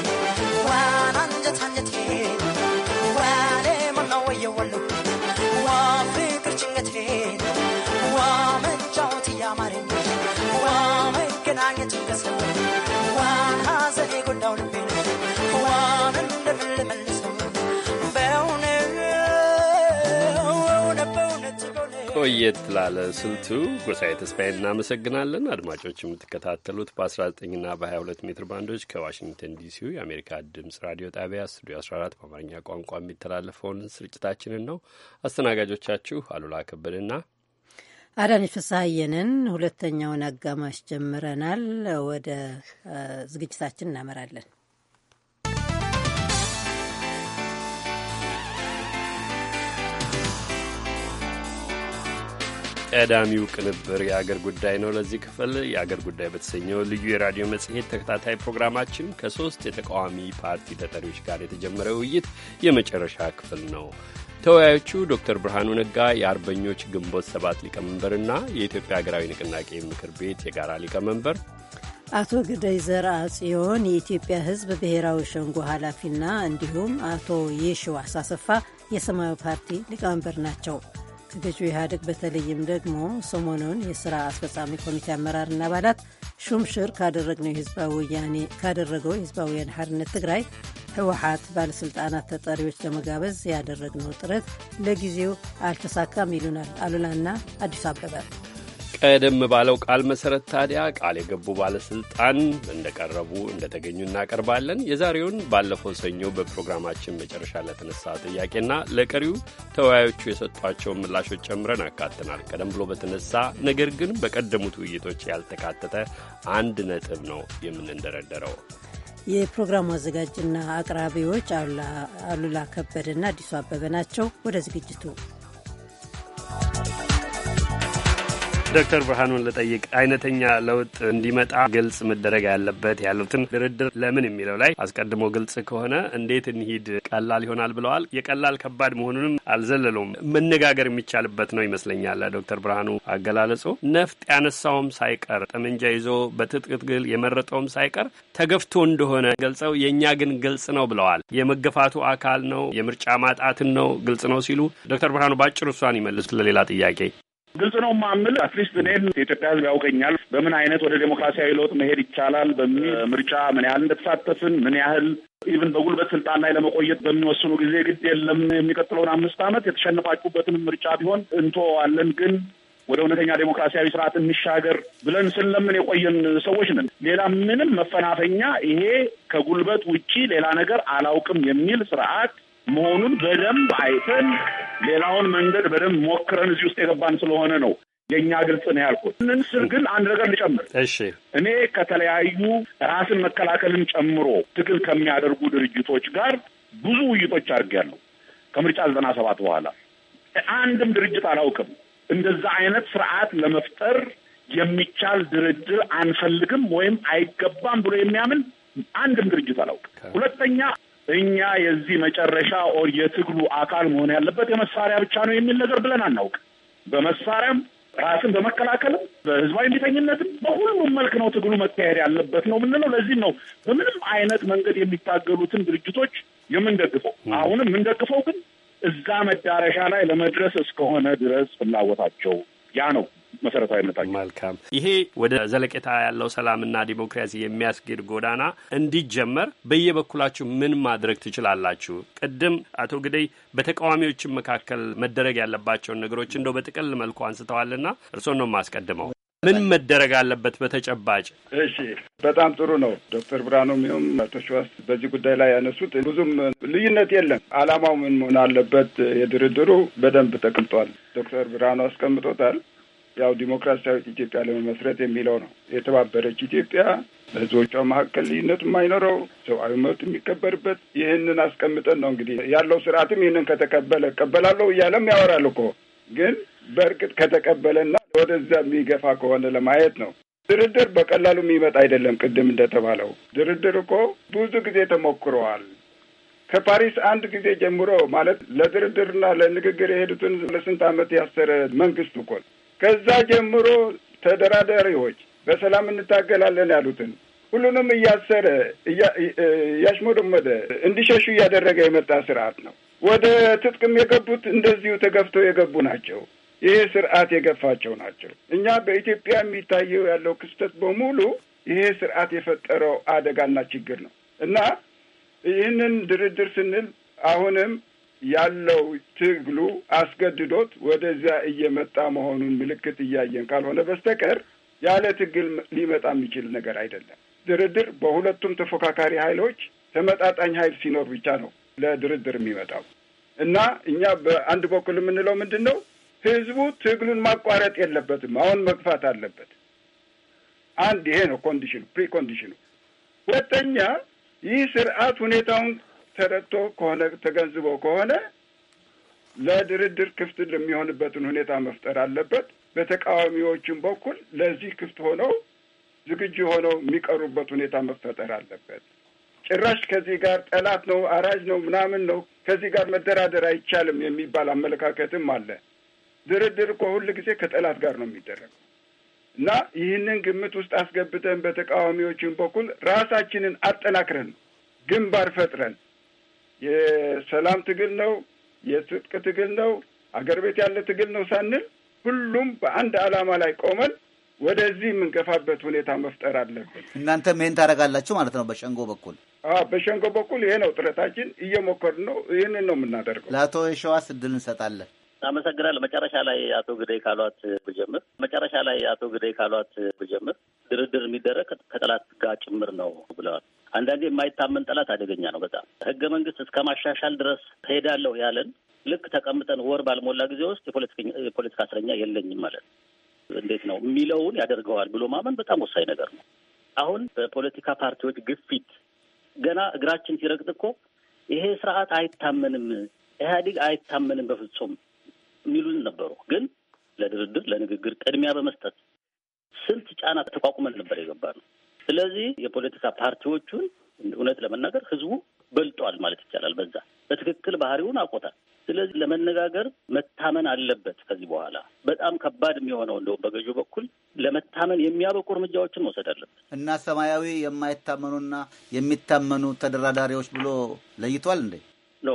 ዋን አንጀት አንጀቴ ቆየት ላለ ስልቱ ጎሳዬ ተስፋዬ እናመሰግናለን። አድማጮች የምትከታተሉት በ19ና በ22 ሜትር ባንዶች ከዋሽንግተን ዲሲው የአሜሪካ ድምፅ ራዲዮ ጣቢያ ስቱዲዮ 14 በአማርኛ ቋንቋ የሚተላለፈውን ስርጭታችንን ነው። አስተናጋጆቻችሁ አሉላ ከበድና አዳነች ፍስሐየንን። ሁለተኛውን አጋማሽ ጀምረናል። ወደ ዝግጅታችን እናመራለን። ቀዳሚው ቅንብር የአገር ጉዳይ ነው። ለዚህ ክፍል የአገር ጉዳይ በተሰኘው ልዩ የራዲዮ መጽሔት ተከታታይ ፕሮግራማችን ከሶስት የተቃዋሚ ፓርቲ ተጠሪዎች ጋር የተጀመረ ውይይት የመጨረሻ ክፍል ነው። ተወያዮቹ ዶክተር ብርሃኑ ነጋ የአርበኞች ግንቦት ሰባት ሊቀመንበርና የኢትዮጵያ ሀገራዊ ንቅናቄ ምክር ቤት የጋራ ሊቀመንበር አቶ ግዳይ ዘርአ ጽዮን የኢትዮጵያ ሕዝብ ብሔራዊ ሸንጎ ኃላፊና እንዲሁም አቶ የሽዋስ አሰፋ የሰማያዊ ፓርቲ ሊቀመንበር ናቸው። ከገዢው ኢህአዴግ በተለይም ደግሞ ሰሞኑን የስራ አስፈጻሚ ኮሚቴ አመራርና አባላት ሹምሽር ካደረገው የህዝባዊ ወያኔ ሓርነት ትግራይ ህወሓት ባለስልጣናት ተጠሪዎች ለመጋበዝ ያደረግነው ጥረት ለጊዜው አልተሳካም ይሉናል አሉላና አዲሱ አበበ ቀደም ባለው ቃል መሰረት ታዲያ ቃል የገቡ ባለስልጣን እንደቀረቡ እንደተገኙ እናቀርባለን። የዛሬውን ባለፈው ሰኞ በፕሮግራማችን መጨረሻ ለተነሳ ጥያቄና ለቀሪው ተወያዮቹ የሰጧቸውን ምላሾች ጨምረን አካተናል። ቀደም ብሎ በተነሳ ነገር ግን በቀደሙት ውይይቶች ያልተካተተ አንድ ነጥብ ነው የምንደረደረው። የፕሮግራሙ አዘጋጅና አቅራቢዎች አሉላ ከበደና አዲሱ አበበ ናቸው። ወደ ዝግጅቱ ዶክተር ብርሃኑን ልጠይቅ አይነተኛ ለውጥ እንዲመጣ ግልጽ መደረግ ያለበት ያሉትን ድርድር ለምን የሚለው ላይ አስቀድሞ ግልጽ ከሆነ እንዴት እንሂድ ቀላል ይሆናል ብለዋል። የቀላል ከባድ መሆኑንም አልዘለሉም። መነጋገር የሚቻልበት ነው ይመስለኛል። ዶክተር ብርሃኑ አገላለጹ ነፍጥ ያነሳውም ሳይቀር ጠመንጃ ይዞ በትጥቅ ትግል የመረጠውም ሳይቀር ተገፍቶ እንደሆነ ገልጸው የእኛ ግን ግልጽ ነው ብለዋል። የመገፋቱ አካል ነው፣ የምርጫ ማጣትን ነው፣ ግልጽ ነው ሲሉ ዶክተር ብርሃኑ በአጭሩ እሷን ይመልሱ ለሌላ ጥያቄ ግልጽ ነው ማምል አትሊስት እኔን የኢትዮጵያ ህዝብ ያውቀኛል። በምን አይነት ወደ ዴሞክራሲያዊ ለውጥ መሄድ ይቻላል በሚል ምርጫ ምን ያህል እንደተሳተፍን ምን ያህል ኢቭን በጉልበት ስልጣን ላይ ለመቆየት በሚወስኑ ጊዜ ግድ የለም የሚቀጥለውን አምስት ዓመት የተሸነፋችሁበትን ምርጫ ቢሆን አለን ግን ወደ እውነተኛ ዴሞክራሲያዊ ስርዓት እንሻገር ብለን ስለምን የቆየን ሰዎች ነን። ሌላ ምንም መፈናፈኛ ይሄ ከጉልበት ውጪ ሌላ ነገር አላውቅም የሚል ስርዓት መሆኑን በደንብ አይተን ሌላውን መንገድ በደንብ ሞክረን እዚህ ውስጥ የገባን ስለሆነ ነው የእኛ ግልጽ ነው ያልኩት። ምን ስል ግን አንድ ነገር ልጨምር። እሺ፣ እኔ ከተለያዩ ራስን መከላከልን ጨምሮ ትግል ከሚያደርጉ ድርጅቶች ጋር ብዙ ውይይቶች አድርጌያለሁ ከምርጫ ዘጠና ሰባት በኋላ አንድም ድርጅት አላውቅም እንደዛ አይነት ስርዓት ለመፍጠር የሚቻል ድርድር አንፈልግም ወይም አይገባም ብሎ የሚያምን አንድም ድርጅት አላውቅም። ሁለተኛ እኛ የዚህ መጨረሻ ኦር የትግሉ አካል መሆን ያለበት የመሳሪያ ብቻ ነው የሚል ነገር ብለን አናውቅ። በመሳሪያም ራስን በመከላከልም በህዝባዊ እምቢተኝነትም በሁሉም መልክ ነው ትግሉ መካሄድ ያለበት ነው የምንለው። ለዚህም ነው በምንም አይነት መንገድ የሚታገሉትን ድርጅቶች የምንደግፈው። አሁንም የምንደግፈው ግን እዛ መዳረሻ ላይ ለመድረስ እስከሆነ ድረስ ፍላጎታቸው ያ ነው። መሰረታዊ እምነታችን። መልካም። ይሄ ወደ ዘለቄታ ያለው ሰላምና ዲሞክራሲ የሚያስጌድ ጎዳና እንዲጀመር በየበኩላችሁ ምን ማድረግ ትችላላችሁ? ቅድም አቶ ግደይ በተቃዋሚዎችን መካከል መደረግ ያለባቸውን ነገሮች እንደው በጥቅል መልኩ አንስተዋልና እርስዎን ነው የማስቀድመው። ምን መደረግ አለበት በተጨባጭ? እሺ፣ በጣም ጥሩ ነው። ዶክተር ብርሃኑ ሚሁም አቶ ሸዋስ በዚህ ጉዳይ ላይ ያነሱት ብዙም ልዩነት የለም። አላማው ምን መሆን አለበት የድርድሩ በደንብ ተቀምጧል። ዶክተር ብርሃኑ አስቀምጦታል። ያው ዲሞክራሲያዊት ኢትዮጵያ ለመመስረት የሚለው ነው። የተባበረች ኢትዮጵያ በህዝቦቿ መካከል ልዩነት የማይኖረው ሰብአዊ መብት የሚከበርበት ይህንን አስቀምጠን ነው እንግዲህ ያለው ስርዓትም ይህንን ከተቀበለ እቀበላለሁ እያለም ያወራል እኮ ግን በእርግጥ ከተቀበለና ወደዚያ የሚገፋ ከሆነ ለማየት ነው። ድርድር በቀላሉ የሚመጣ አይደለም። ቅድም እንደተባለው ድርድር እኮ ብዙ ጊዜ ተሞክረዋል። ከፓሪስ አንድ ጊዜ ጀምሮ ማለት ለድርድርና ለንግግር የሄዱትን ለስንት ዓመት ያሰረ መንግስት እኮ ከዛ ጀምሮ ተደራዳሪዎች በሰላም እንታገላለን ያሉትን ሁሉንም እያሰረ እያሽሞደመደ እንዲሸሹ እያደረገ የመጣ ስርዓት ነው። ወደ ትጥቅም የገቡት እንደዚሁ ተገፍተው የገቡ ናቸው። ይሄ ስርዓት የገፋቸው ናቸው። እኛ በኢትዮጵያ የሚታየው ያለው ክስተት በሙሉ ይሄ ስርዓት የፈጠረው አደጋና ችግር ነው እና ይህንን ድርድር ስንል አሁንም ያለው ትግሉ አስገድዶት ወደዚያ እየመጣ መሆኑን ምልክት እያየን ካልሆነ በስተቀር ያለ ትግል ሊመጣ የሚችል ነገር አይደለም። ድርድር በሁለቱም ተፎካካሪ ኃይሎች ተመጣጣኝ ኃይል ሲኖር ብቻ ነው ለድርድር የሚመጣው እና እኛ በአንድ በኩል የምንለው ምንድን ነው? ህዝቡ ትግሉን ማቋረጥ የለበትም፣ አሁን መግፋት አለበት። አንድ ይሄ ነው ኮንዲሽኑ፣ ፕሪ ኮንዲሽኑ። ሁለተኛ ይህ ስርዓት ሁኔታውን ተረድቶ ከሆነ ተገንዝቦ ከሆነ ለድርድር ክፍት የሚሆንበትን ሁኔታ መፍጠር አለበት። በተቃዋሚዎችም በኩል ለዚህ ክፍት ሆነው ዝግጁ ሆነው የሚቀሩበት ሁኔታ መፈጠር አለበት። ጭራሽ ከዚህ ጋር ጠላት ነው፣ አራጅ ነው፣ ምናምን ነው፣ ከዚህ ጋር መደራደር አይቻልም የሚባል አመለካከትም አለ። ድርድር እኮ ሁል ጊዜ ከጠላት ጋር ነው የሚደረገው እና ይህንን ግምት ውስጥ አስገብተን በተቃዋሚዎችን በኩል ራሳችንን አጠናክረን ግንባር ፈጥረን የሰላም ትግል ነው፣ የትጥቅ ትግል ነው፣ አገር ቤት ያለ ትግል ነው ሳንል ሁሉም በአንድ ዓላማ ላይ ቆመን ወደዚህ የምንገፋበት ሁኔታ መፍጠር አለብን። እናንተ ይህን ታደርጋላችሁ ማለት ነው በሸንጎ በኩል? በሸንጎ በኩል ይሄ ነው ጥረታችን፣ እየሞከር ነው። ይህንን ነው የምናደርገው። ለአቶ የሸዋስ እድል እንሰጣለን። አመሰግናለሁ። መጨረሻ ላይ አቶ ግደይ ካሏት ብጀምር መጨረሻ ላይ አቶ ግደይ ካሏት ብጀምር ድርድር የሚደረግ ከጠላት ጋር ጭምር ነው ብለዋል። አንዳንዴ የማይታመን ጠላት አደገኛ ነው በጣም ህገ መንግስት እስከ ማሻሻል ድረስ ሄዳለሁ ያለን ልክ ተቀምጠን ወር ባልሞላ ጊዜ ውስጥ የፖለቲካ እስረኛ የለኝም ማለት እንዴት ነው የሚለውን ያደርገዋል ብሎ ማመን በጣም ወሳኝ ነገር ነው። አሁን በፖለቲካ ፓርቲዎች ግፊት ገና እግራችን ሲረግጥ እኮ ይሄ ስርዓት አይታመንም፣ ኢህአዴግ አይታመንም በፍጹም የሚሉን ነበሩ። ግን ለድርድር ለንግግር ቅድሚያ በመስጠት ስንት ጫና ተቋቁመን ነበር የገባ ነው። ስለዚህ የፖለቲካ ፓርቲዎቹን እውነት ለመናገር ህዝቡ በልጧል ማለት ይቻላል። በዛ በትክክል ባህሪውን አውቆታል። ስለዚህ ለመነጋገር መታመን አለበት። ከዚህ በኋላ በጣም ከባድ የሚሆነው እንደውም በገዢው በኩል ለመታመን የሚያበቁ እርምጃዎችን መውሰድ አለበት እና ሰማያዊ የማይታመኑና የሚታመኑ ተደራዳሪዎች ብሎ ለይቷል እንዴ? ኖ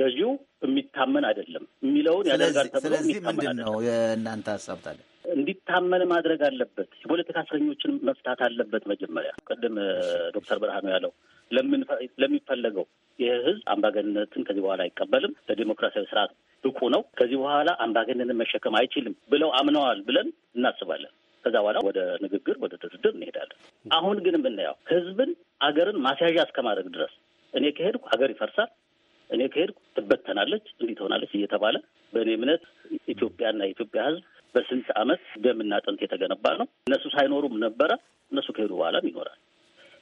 ገዢው የሚታመን አይደለም የሚለውን ያደርጋል ተብሎ። ስለዚህ ምንድን ነው የእናንተ ሀሳብ ታዲያ? እንዲታመን ማድረግ አለበት። የፖለቲካ እስረኞችን መፍታት አለበት። መጀመሪያ ቅድም ዶክተር ብርሃኑ ያለው ለሚፈለገው ይህ ህዝብ ከዚህ በኋላ አይቀበልም፣ ለዲሞክራሲያዊ ስርዓት ብቁ ነው፣ ከዚህ በኋላ አምባገነንን መሸከም አይችልም ብለው አምነዋል ብለን እናስባለን። ከዛ በኋላ ወደ ንግግር፣ ወደ ድርድር እንሄዳለን። አሁን ግን የምናየው ህዝብን አገርን ማስያዣ እስከማድረግ ድረስ እኔ ከሄድኩ አገር ይፈርሳል፣ እኔ ከሄድኩ ትበተናለች፣ እንዲህ ትሆናለች እየተባለ በእኔ እምነት ኢትዮጵያና የኢትዮጵያ ህዝብ በስንት ዓመት ደምና አጥንት የተገነባ ነው። እነሱ ሳይኖሩም ነበረ፣ እነሱ ከሄዱ በኋላም ይኖራል።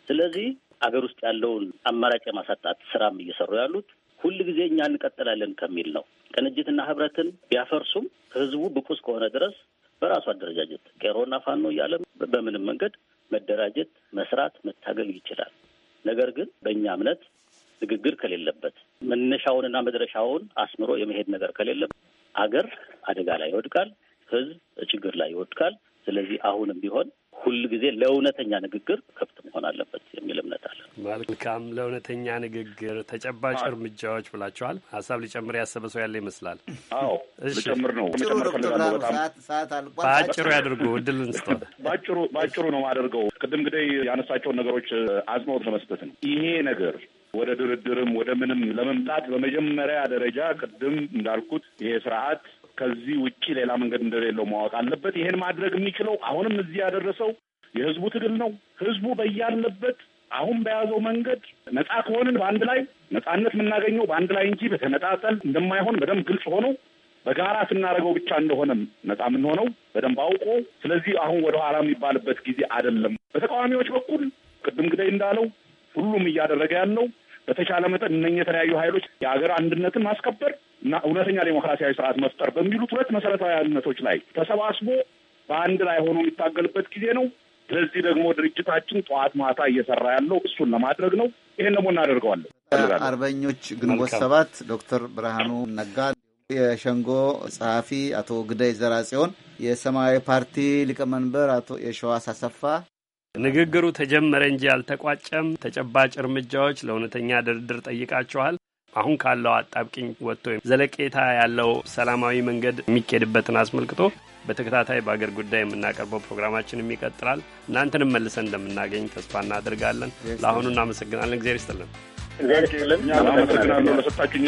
ስለዚህ አገር ውስጥ ያለውን አማራጭ የማሳጣት ስራም እየሰሩ ያሉት ሁል ጊዜ እኛ እንቀጥላለን ከሚል ነው። ቅንጅትና ህብረትን ቢያፈርሱም ህዝቡ ብቁ እስከሆነ ድረስ በራሱ አደረጃጀት ቄሮና ፋኖ እያለም በምንም መንገድ መደራጀት፣ መስራት፣ መታገል ይችላል። ነገር ግን በእኛ እምነት ንግግር ከሌለበት መነሻውንና መድረሻውን አስምሮ የመሄድ ነገር ከሌለበት አገር አደጋ ላይ ይወድቃል። ህዝብ ችግር ላይ ይወድቃል። ስለዚህ አሁንም ቢሆን ሁል ጊዜ ለእውነተኛ ንግግር ክፍት መሆን አለበት የሚል እምነት አለ። መልካም ለእውነተኛ ንግግር ተጨባጭ እርምጃዎች ብላችኋል። ሀሳብ ሊጨምር ያሰበ ሰው ያለ ይመስላል። አዎ ልጨምር ነው። በአጭሩ ያድርጉ፣ እድል እንስጠው። በአጭሩ ነው የማደርገው። ቅድም እንግዲህ ያነሳቸውን ነገሮች አጽንኦት ለመስጠት ነው። ይሄ ነገር ወደ ድርድርም ወደ ምንም ለመምጣት በመጀመሪያ ደረጃ ቅድም እንዳልኩት ይሄ ስርዓት ከዚህ ውጭ ሌላ መንገድ እንደሌለው ማወቅ አለበት። ይሄን ማድረግ የሚችለው አሁንም እዚህ ያደረሰው የህዝቡ ትግል ነው። ህዝቡ በያለበት አሁን በያዘው መንገድ ነፃ ከሆንን በአንድ ላይ ነፃነት የምናገኘው በአንድ ላይ እንጂ በተነጣጠል እንደማይሆን በደንብ ግልጽ ሆኖ በጋራ ስናደርገው ብቻ እንደሆነም ነፃ የምንሆነው በደንብ አውቆ፣ ስለዚህ አሁን ወደ ኋላ የሚባልበት ጊዜ አይደለም። በተቃዋሚዎች በኩል ቅድም ግዳይ እንዳለው ሁሉም እያደረገ ያለው በተቻለ መጠን እነ የተለያዩ ኃይሎች የሀገር አንድነትን ማስከበር እና እውነተኛ ዴሞክራሲያዊ ስርዓት መፍጠር በሚሉት ሁለት መሰረታዊ አንድነቶች ላይ ተሰባስቦ በአንድ ላይ ሆኖ የሚታገልበት ጊዜ ነው። ስለዚህ ደግሞ ድርጅታችን ጠዋት ማታ እየሰራ ያለው እሱን ለማድረግ ነው። ይህን ደግሞ እናደርገዋለን። አርበኞች ግንቦት ሰባት ዶክተር ብርሃኑ ነጋ የሸንጎ ጸሐፊ አቶ ግዳይ ዘራ ጽዮን፣ የሰማያዊ ፓርቲ ሊቀመንበር አቶ የሸዋስ አሰፋ ንግግሩ ተጀመረ እንጂ አልተቋጨም። ተጨባጭ እርምጃዎች ለእውነተኛ ድርድር ጠይቃችኋል። አሁን ካለው አጣብቅኝ ወጥቶ ዘለቄታ ያለው ሰላማዊ መንገድ የሚካሄድበትን አስመልክቶ በተከታታይ በአገር ጉዳይ የምናቀርበው ፕሮግራማችን ይቀጥላል። እናንተንም መልሰን እንደምናገኝ ተስፋ እናደርጋለን። ለአሁኑ እናመሰግናለን። እግዚአብሔር ይስጥልን። እግዚአብሔር ይስጥልን። እኛ ለሰጣችሁኝ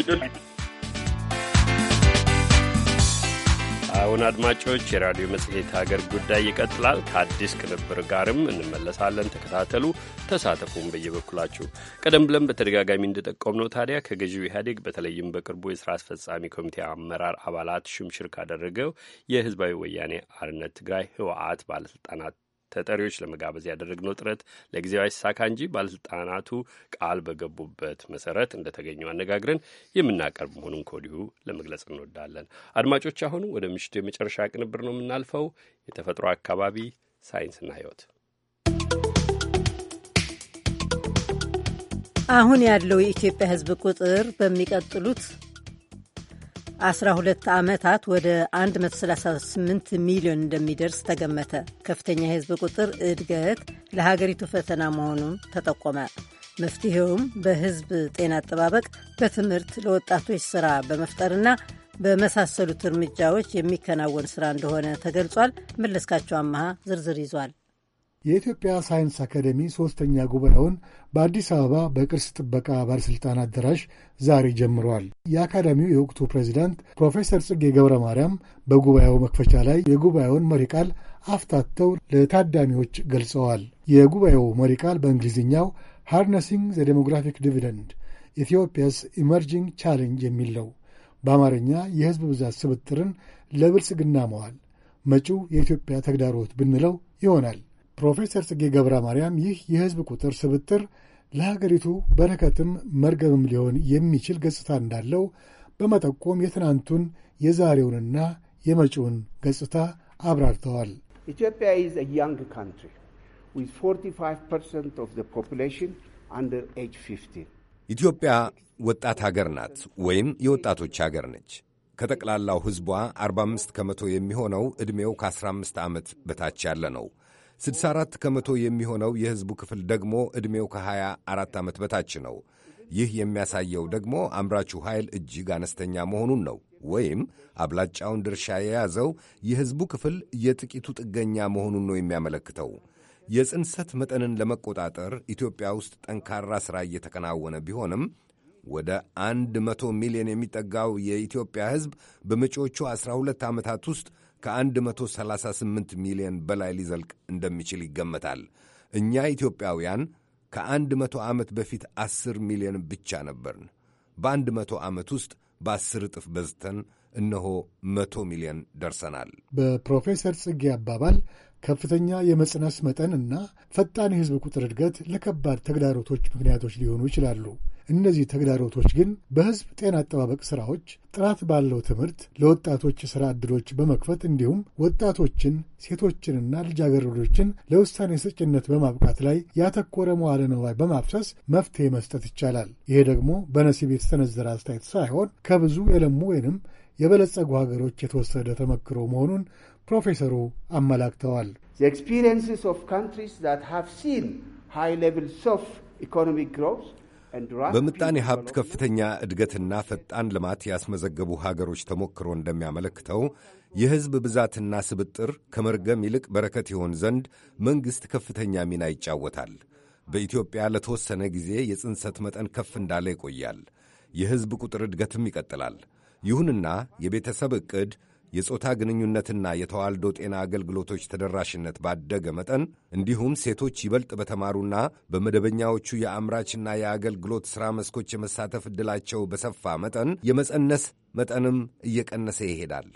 አሁን አድማጮች፣ የራዲዮ መጽሔት ሀገር ጉዳይ ይቀጥላል። ከአዲስ ቅንብር ጋርም እንመለሳለን። ተከታተሉ፣ ተሳተፉም በየበኩላችሁ። ቀደም ብለን በተደጋጋሚ እንደጠቆም ነው ታዲያ ከገዢው ኢህአዴግ በተለይም በቅርቡ የስራ አስፈጻሚ ኮሚቴ አመራር አባላት ሹምሽር ካደረገው የህዝባዊ ወያኔ አርነት ትግራይ ህወሓት ባለስልጣናት ተጠሪዎች ለመጋበዝ ያደረግነው ጥረት ለጊዜው አይሳካ እንጂ ባለስልጣናቱ ቃል በገቡበት መሰረት እንደተገኙ አነጋግረን የምናቀርብ መሆኑን ከወዲሁ ለመግለጽ እንወዳለን። አድማጮች፣ አሁን ወደ ምሽቱ የመጨረሻ ቅንብር ነው የምናልፈው። የተፈጥሮ አካባቢ፣ ሳይንስና ህይወት አሁን ያለው የኢትዮጵያ ህዝብ ቁጥር በሚቀጥሉት አስራ ሁለት ዓመታት ወደ 138 ሚሊዮን እንደሚደርስ ተገመተ። ከፍተኛ የህዝብ ቁጥር እድገት ለሀገሪቱ ፈተና መሆኑን ተጠቆመ። መፍትሄውም በህዝብ ጤና አጠባበቅ፣ በትምህርት፣ ለወጣቶች ሥራ በመፍጠርና በመሳሰሉት እርምጃዎች የሚከናወን ሥራ እንደሆነ ተገልጿል። መለስካቸው አመሃ ዝርዝር ይዟል። የኢትዮጵያ ሳይንስ አካደሚ ሦስተኛ ጉባኤውን በአዲስ አበባ በቅርስ ጥበቃ ባለሥልጣን አዳራሽ ዛሬ ጀምረዋል። የአካዳሚው የወቅቱ ፕሬዚዳንት ፕሮፌሰር ጽጌ ገብረ ማርያም በጉባኤው መክፈቻ ላይ የጉባኤውን መሪ ቃል አፍታተው ለታዳሚዎች ገልጸዋል። የጉባኤው መሪ ቃል በእንግሊዝኛው ሃርነሲንግ ዘ ዴሞግራፊክ ዲቪደንድ ኢትዮጵያስ ኢመርጂንግ ቻሌንጅ የሚል ነው። በአማርኛ የሕዝብ ብዛት ስብጥርን ለብልጽግና መዋል መጪው የኢትዮጵያ ተግዳሮት ብንለው ይሆናል። ፕሮፌሰር ጽጌ ገብረ ማርያም ይህ የሕዝብ ቁጥር ስብጥር ለሀገሪቱ በረከትም መርገምም ሊሆን የሚችል ገጽታ እንዳለው በመጠቆም የትናንቱን የዛሬውንና የመጪውን ገጽታ አብራርተዋል። ኢትዮጵያ ኢዝ አ ያንግ ካንትሪ ዊዝ 45 ኦፍ ዘ ፖፑሌሽን አንደር ኤጅ 15 ኢትዮጵያ ወጣት ሀገር ናት ወይም የወጣቶች ሀገር ነች። ከጠቅላላው ሕዝቧ 45 ከመቶ የሚሆነው ዕድሜው ከ15 ዓመት በታች ያለ ነው። 64 ከመቶ የሚሆነው የሕዝቡ ክፍል ደግሞ ዕድሜው ከ24 ዓመት በታች ነው። ይህ የሚያሳየው ደግሞ አምራቹ ኃይል እጅግ አነስተኛ መሆኑን ነው። ወይም አብላጫውን ድርሻ የያዘው የሕዝቡ ክፍል የጥቂቱ ጥገኛ መሆኑን ነው የሚያመለክተው። የጽንሰት መጠንን ለመቆጣጠር ኢትዮጵያ ውስጥ ጠንካራ ሥራ እየተከናወነ ቢሆንም ወደ አንድ መቶ ሚሊዮን የሚጠጋው የኢትዮጵያ ሕዝብ በመጪዎቹ 12 ዓመታት ውስጥ ከ138 ሚሊዮን በላይ ሊዘልቅ እንደሚችል ይገመታል። እኛ ኢትዮጵያውያን ከአንድ መቶ ዓመት በፊት 10 ሚሊዮን ብቻ ነበርን። በአንድ መቶ ዓመት ውስጥ በአስር እጥፍ በዝተን እነሆ መቶ ሚሊዮን ደርሰናል። በፕሮፌሰር ጽጌ አባባል ከፍተኛ የመጽነስ መጠን እና ፈጣን የሕዝብ ቁጥር እድገት ለከባድ ተግዳሮቶች ምክንያቶች ሊሆኑ ይችላሉ። እነዚህ ተግዳሮቶች ግን በሕዝብ ጤና አጠባበቅ ሥራዎች፣ ጥራት ባለው ትምህርት፣ ለወጣቶች የሥራ ዕድሎች በመክፈት እንዲሁም ወጣቶችን ሴቶችንና ልጃገረዶችን ለውሳኔ ሰጭነት በማብቃት ላይ ያተኮረ መዋለ ነዋይ በማፍሰስ መፍትሄ መስጠት ይቻላል። ይሄ ደግሞ በነሲብ የተሰነዘረ አስተያየት ሳይሆን ከብዙ የለሙ ወይንም የበለጸጉ ሀገሮች የተወሰደ ተመክሮ መሆኑን ፕሮፌሰሩ አመላክተዋል። ኤክስፒሪየንስ ኦፍ ካንትሪስ ሃቭ ሲን ሃይ ሌቭልስ ኦፍ ኢኮኖሚክ ግሮውዝ በምጣኔ ሀብት ከፍተኛ እድገትና ፈጣን ልማት ያስመዘገቡ ሀገሮች ተሞክሮ እንደሚያመለክተው የሕዝብ ብዛትና ስብጥር ከመርገም ይልቅ በረከት ይሆን ዘንድ መንግሥት ከፍተኛ ሚና ይጫወታል። በኢትዮጵያ ለተወሰነ ጊዜ የጽንሰት መጠን ከፍ እንዳለ ይቆያል። የሕዝብ ቁጥር እድገትም ይቀጥላል። ይሁንና የቤተሰብ ዕቅድ የጾታ ግንኙነትና የተዋልዶ ጤና አገልግሎቶች ተደራሽነት ባደገ መጠን እንዲሁም ሴቶች ይበልጥ በተማሩና በመደበኛዎቹ የአምራችና የአገልግሎት ሥራ መስኮች የመሳተፍ ዕድላቸው በሰፋ መጠን የመጸነስ መጠንም እየቀነሰ ይሄዳል።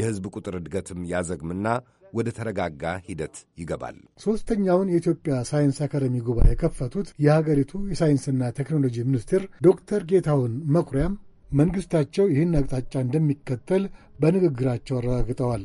የሕዝብ ቁጥር እድገትም ያዘግምና ወደ ተረጋጋ ሂደት ይገባል። ሦስተኛውን የኢትዮጵያ ሳይንስ አካደሚ ጉባኤ የከፈቱት የሀገሪቱ የሳይንስና ቴክኖሎጂ ሚኒስትር ዶክተር ጌታሁን መኩሪያም መንግሥታቸው ይህን አቅጣጫ እንደሚከተል በንግግራቸው አረጋግጠዋል።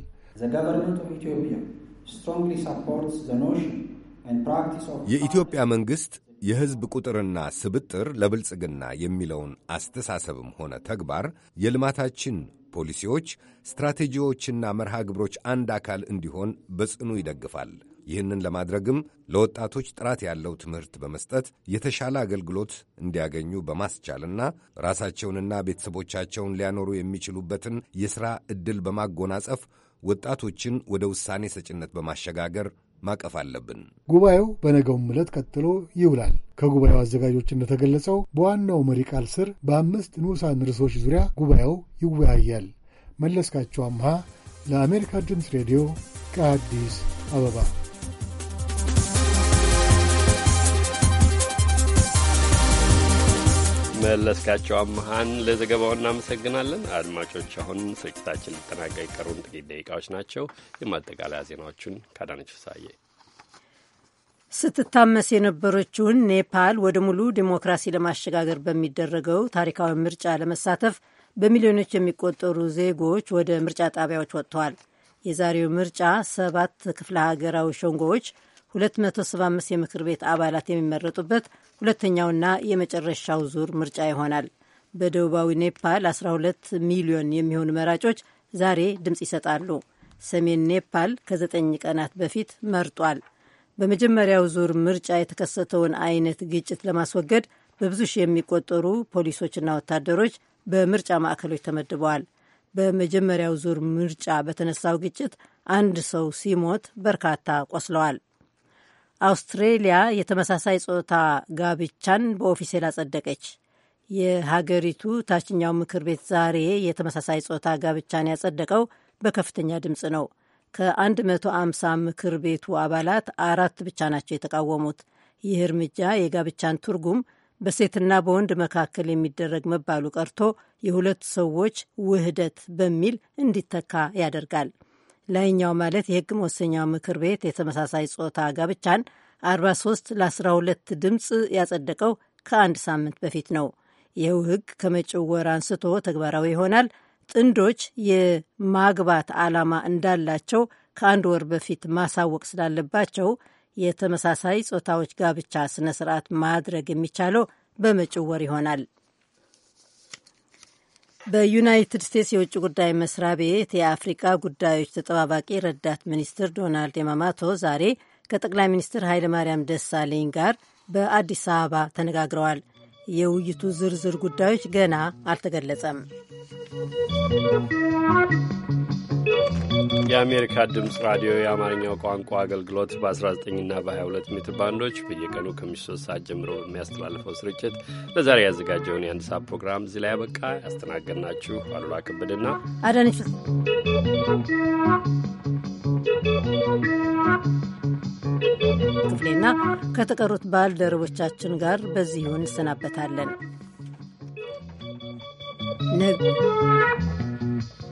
የኢትዮጵያ መንግሥት የሕዝብ ቁጥርና ስብጥር ለብልጽግና የሚለውን አስተሳሰብም ሆነ ተግባር የልማታችን ፖሊሲዎች፣ ስትራቴጂዎችና መርሃ ግብሮች አንድ አካል እንዲሆን በጽኑ ይደግፋል። ይህንን ለማድረግም ለወጣቶች ጥራት ያለው ትምህርት በመስጠት የተሻለ አገልግሎት እንዲያገኙ በማስቻልና ራሳቸውንና ቤተሰቦቻቸውን ሊያኖሩ የሚችሉበትን የሥራ ዕድል በማጎናጸፍ ወጣቶችን ወደ ውሳኔ ሰጭነት በማሸጋገር ማቀፍ አለብን። ጉባኤው በነገውም ዕለት ቀጥሎ ይውላል። ከጉባኤው አዘጋጆች እንደተገለጸው በዋናው መሪ ቃል ስር በአምስት ንዑሳን ርዕሶች ዙሪያ ጉባኤው ይወያያል። መለስካቸው አምሃ ለአሜሪካ ድምፅ ሬዲዮ ከአዲስ አበባ መለስካቸው አመሃን ለዘገባው እናመሰግናለን። አድማጮች አሁን ስርጭታችን ሊጠናቀቅ የቀሩን ጥቂት ደቂቃዎች ናቸው። የማጠቃለያ ዜናዎቹን ከአዳነች ሳየ ስትታመስ የነበረችውን ኔፓል ወደ ሙሉ ዲሞክራሲ ለማሸጋገር በሚደረገው ታሪካዊ ምርጫ ለመሳተፍ በሚሊዮኖች የሚቆጠሩ ዜጎች ወደ ምርጫ ጣቢያዎች ወጥተዋል። የዛሬው ምርጫ ሰባት ክፍለ ሀገራዊ ሸንጎዎች 275 የምክር ቤት አባላት የሚመረጡበት ሁለተኛውና የመጨረሻው ዙር ምርጫ ይሆናል። በደቡባዊ ኔፓል 12 ሚሊዮን የሚሆኑ መራጮች ዛሬ ድምፅ ይሰጣሉ። ሰሜን ኔፓል ከዘጠኝ ቀናት በፊት መርጧል። በመጀመሪያው ዙር ምርጫ የተከሰተውን አይነት ግጭት ለማስወገድ በብዙ ሺህ የሚቆጠሩ ፖሊሶችና ወታደሮች በምርጫ ማዕከሎች ተመድበዋል። በመጀመሪያው ዙር ምርጫ በተነሳው ግጭት አንድ ሰው ሲሞት በርካታ ቆስለዋል። አውስትሬሊያ የተመሳሳይ ጾታ ጋብቻን በኦፊሴል አጸደቀች። የሀገሪቱ ታችኛው ምክር ቤት ዛሬ የተመሳሳይ ጾታ ጋብቻን ያጸደቀው በከፍተኛ ድምፅ ነው። ከ150 ምክር ቤቱ አባላት አራት ብቻ ናቸው የተቃወሙት። ይህ እርምጃ የጋብቻን ትርጉም በሴትና በወንድ መካከል የሚደረግ መባሉ ቀርቶ የሁለት ሰዎች ውህደት በሚል እንዲተካ ያደርጋል። ላይኛው ማለት የህግ መወሰኛው ምክር ቤት የተመሳሳይ ጾታ ጋብቻን 43 ለ12 ድምፅ ያጸደቀው ከአንድ ሳምንት በፊት ነው። ይኸው ህግ ከመጪው ወር አንስቶ ተግባራዊ ይሆናል። ጥንዶች የማግባት ዓላማ እንዳላቸው ከአንድ ወር በፊት ማሳወቅ ስላለባቸው የተመሳሳይ ጾታዎች ጋብቻ ስነ ስርዓት ማድረግ የሚቻለው በመጪው ወር ይሆናል። በዩናይትድ ስቴትስ የውጭ ጉዳይ መስሪያ ቤት የአፍሪቃ ጉዳዮች ተጠባባቂ ረዳት ሚኒስትር ዶናልድ የማማቶ ዛሬ ከጠቅላይ ሚኒስትር ኃይለማርያም ማርያም ደሳለኝ ጋር በአዲስ አበባ ተነጋግረዋል። የውይይቱ ዝርዝር ጉዳዮች ገና አልተገለጸም። የአሜሪካ ድምፅ ራዲዮ የአማርኛው ቋንቋ አገልግሎት በ19ና በ22 ሜትር ባንዶች በየቀኑ ከምሽቱ ሶስት ሰዓት ጀምሮ የሚያስተላልፈው ስርጭት ለዛሬ ያዘጋጀውን የአንድ ሰዓት ፕሮግራም እዚህ ላይ ያበቃ። ያስተናገድናችሁ አሉላ ከበደና አዳነች ክፍሌና ከተቀሩት ባልደረቦቻችን ጋር በዚሁ እንሰናበታለን።